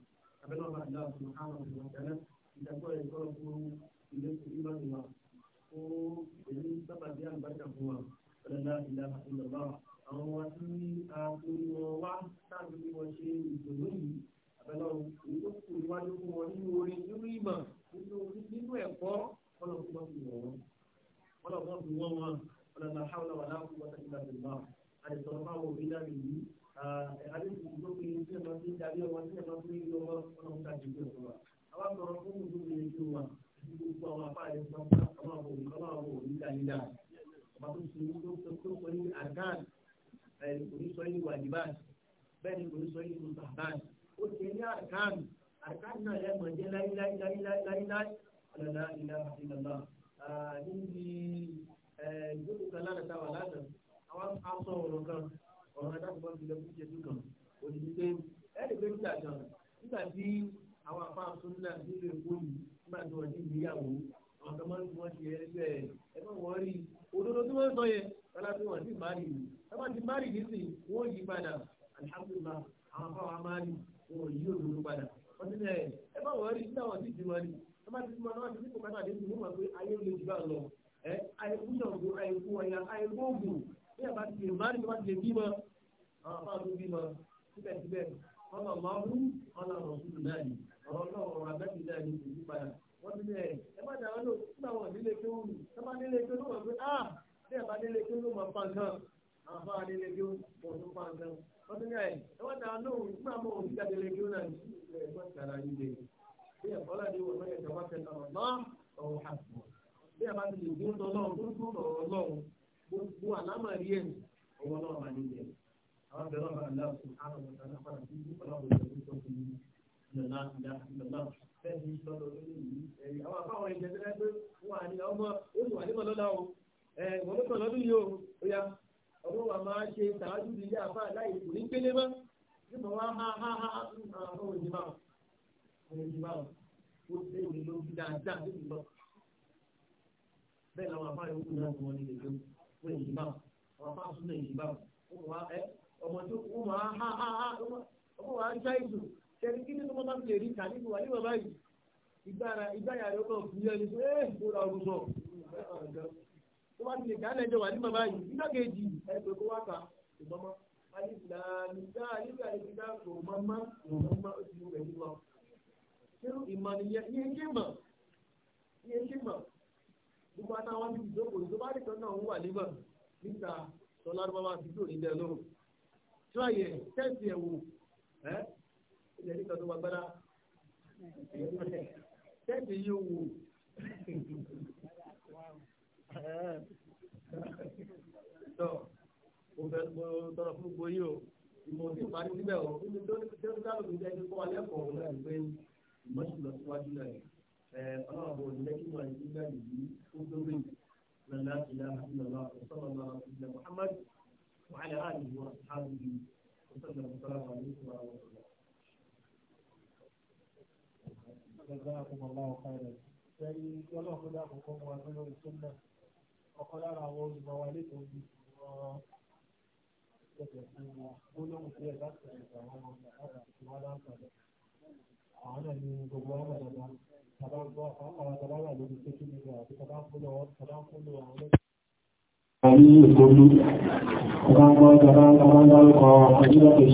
Speaker 1: abẹ́lẹ́ ọba ìlà ọ̀sùn àwọn ọ̀sùn ọ̀tẹ́lẹ̀ ìdájọ́ ẹ̀ kọ́ fún ilé ìlú ìwà fún èyí sábàbí àgbàjà fún wa ọ̀dọ̀dà ìlà ìlọ̀bà àwọn wa tí a fi wọn wá sáàbí bí wọ́n ṣe ìṣòro yìí abẹ́lẹ́ ìlókù iwájú fún wọn nínú orí nínú ìmọ̀ nínú ẹ̀kọ́ ọlọ́ọ̀kọ́ fi wọ̀ wọ́n ọlọ́ọ̀kọ́ fi wọ́n wọn ọ̀dọ̀dà alẹ́sìnkú tó fi ṣe máa fi darí ọmọ ṣe máa fi yọ ọmọ ọmọ ọmọ ọmọ ọmọ wa àwọn akọrọ fún mi tó lè ju wa gbogbo àwọn apá rẹ sọ fún àwọn àwọn òbí àwọn àwọn òbí kàlídà ọba tó ṣe ní tó sọ tó sọ ní àgán kò ní sọ ní wàdìbàn bẹ́ẹ̀ ni kò ní sọ ní mùsàbàn ó ṣe ní àgán àgán náà yẹ mọ̀ jẹ́ láíláíláíláíláí ọ̀làlá ìlà ìlàlá níbi ìjókòó kan lánàá táwà lánàá àwọn asọ ọ̀rọ̀ kan ọ̀rọ̀ adágbọ́n ti lọ fún ìṣẹ́jú kan òṣìṣẹ́ pé ẹ̀rì pé nígbà kan nígbà tí àwọn afáà tó ní láti ilé epo yìí nígbà tí wọ́n ti níyàwó àwọn kan máa ń wọ́n ti ẹgbẹ́ ẹ má wọ́n rí òdodo tí wọ́n sọ yẹ kọ́lá tí wọ́n ti má rí i ti má rí nísìn wọ́n yí padà alihamudulilah àwọn afáà má rí wọ́n yí òdodo padà wọ́n ti ní ẹ má wọ́n rí nígbà wọ́n ti di wọ́n rí ti mọ náà ní kò kátà dé lè jù bá àwọn afá tó bímọ síbẹ̀síbẹ̀ ọ̀nà mọ́rú ọ̀nà rọ̀kúlù náà ni ọ̀rọ̀ náà ọ̀rọ̀ àgbẹ̀bí náà ni kò ní padà wọ́n ti bẹ̀rẹ̀ ẹ má dàrọ́ lò nígbà wọn nílé tó wù ẹ má nílé tó lọ́wọ́ pé ah bí ẹ bá nílé tó lọ́wọ́ pa nǹkan àwọn afá nílé tó pọ̀ tó pa nǹkan wọ́n ti bẹ̀rẹ̀ ẹ má dàrọ́ lò nígbà wọn òbí jáde lé tó náà ní ẹ̀gbọ́n ìtara yìí lé bí ẹ̀kọ́ láti wọ̀ lọ́yẹ̀ ìjọba tẹ̀lé ọ̀nà ọ̀hún àtùmọ̀ bí ẹ bá ti lè gbóńdọ̀ lọ́wọ́ gbóńdọ̀ lọ́wọ́ gbogbo àlámà rí ẹ̀ ọ̀wọ́ náà wà nílẹ̀ àwọn bẹ̀rẹ̀ ọ̀gá aláwọ̀ sí àwọn ọ̀gá aláwọ̀ sí ọlọ́run ìjọba tó fi ìlànà ìlà ìlànà bẹ́ẹ̀ ni ìtọ́jú olóyè yìí ẹ̀yìn àwọn afáwọn ìjẹ́ tẹ́lẹ̀ pé ọmọ oṣù wà nímọ̀ o wọ́n ló kàn lọ́dún yìí ó yá ọdún wa máa ṣe tààjú ilé àbá láì kò ní gbélé mọ́ nípa wá ha ha ha àwọn òyìnbá àwọn òyìnbá ó ṣe òní ló fi dáadáa níbi lọ bẹ́ẹ̀ làwọn afáwọn ìwúkú náà wọ́n ní ìlú wọ́n ìyìnbá àwọn afáwọn ọmọ tó kú máa ha ha ha ọmọ wa ń ṣáìsù ṣẹlẹ̀ kí ni tó máa ń lè rí kàní wà ní bàbá yìí ìgbára ìgbáyà rẹ kàn fún yẹn ni pé ẹ mo ra ọrùn sọ tó bá ti lè dáná ẹjọ́ wà ní bàbá yìí nígbà kejì ẹ pé kó wá ta ìgbọmọ alìsìlámìdá nígbà ìgbìdá kò mọ́mọ́ kò mọ́mọ́ ó ti mú rẹ̀ nígbà. Ṣéru ìmọ̀ nìyẹn ní ẹjẹ́ mọ̀ ní ẹjẹ́ mọ̀ gbogbo àtàwọn ibi ìdókòwò tó bá lè tọ́ náà ń wà níbọ̀ níta sọlá ló bá wà sí tòun ní dẹ́ lóhùn try ẹ̀ tẹ́sí ẹ̀ wò ẹ́ ilẹ̀ nígbà tó wà gbára tẹ́sí yìí wò tọ́ o fẹ́ mo tọrọ fún gbogbo yìí o mo ti parí níbẹ̀ o níbi tó ní sábà mi jẹ́ kó alẹ́ kọ̀ ọ́ náà gbé ìmọ̀sùn lọ síwájú náà ẹ̀ ọlọ́run bò ní lẹ́kí wọn ní ìgbà yìí fún gbogbo yìí lọ́la ìlà àti lọ́la ọ̀sán lọ́la ìlà Muhammad. وعلى آله وأصحابه وسلم السلام عليكم ورحمة الله جزاكم الله خيرا ẹ̀yin ọlọ́run dá àkọ́kọ́ mọ́ ẹgbẹ́ lórí súnmọ́ ọ̀kan lára àwọn olùmọ̀ wa lẹ́kọ̀ọ́ bí wọ́n ṣẹ̀ṣẹ̀ fún wa gbólóhùn sí ẹ̀dá ṣẹ̀ṣẹ̀ àwọn ọmọ ìgbàlára àti wọn láǹfààní àwọn náà ní gbogbo ọmọ ìgbàlára tàbá gbọ́ àwọn tàbá wà lórí pé kí ni ìgbà àti tàbá ń fúnlọ àwọn lẹ́kọ̀ọ́ ní ìkọlù ọgbọ́n gbọ́gbọ́n gbọ́gbọ́n gbọ́gbọ́n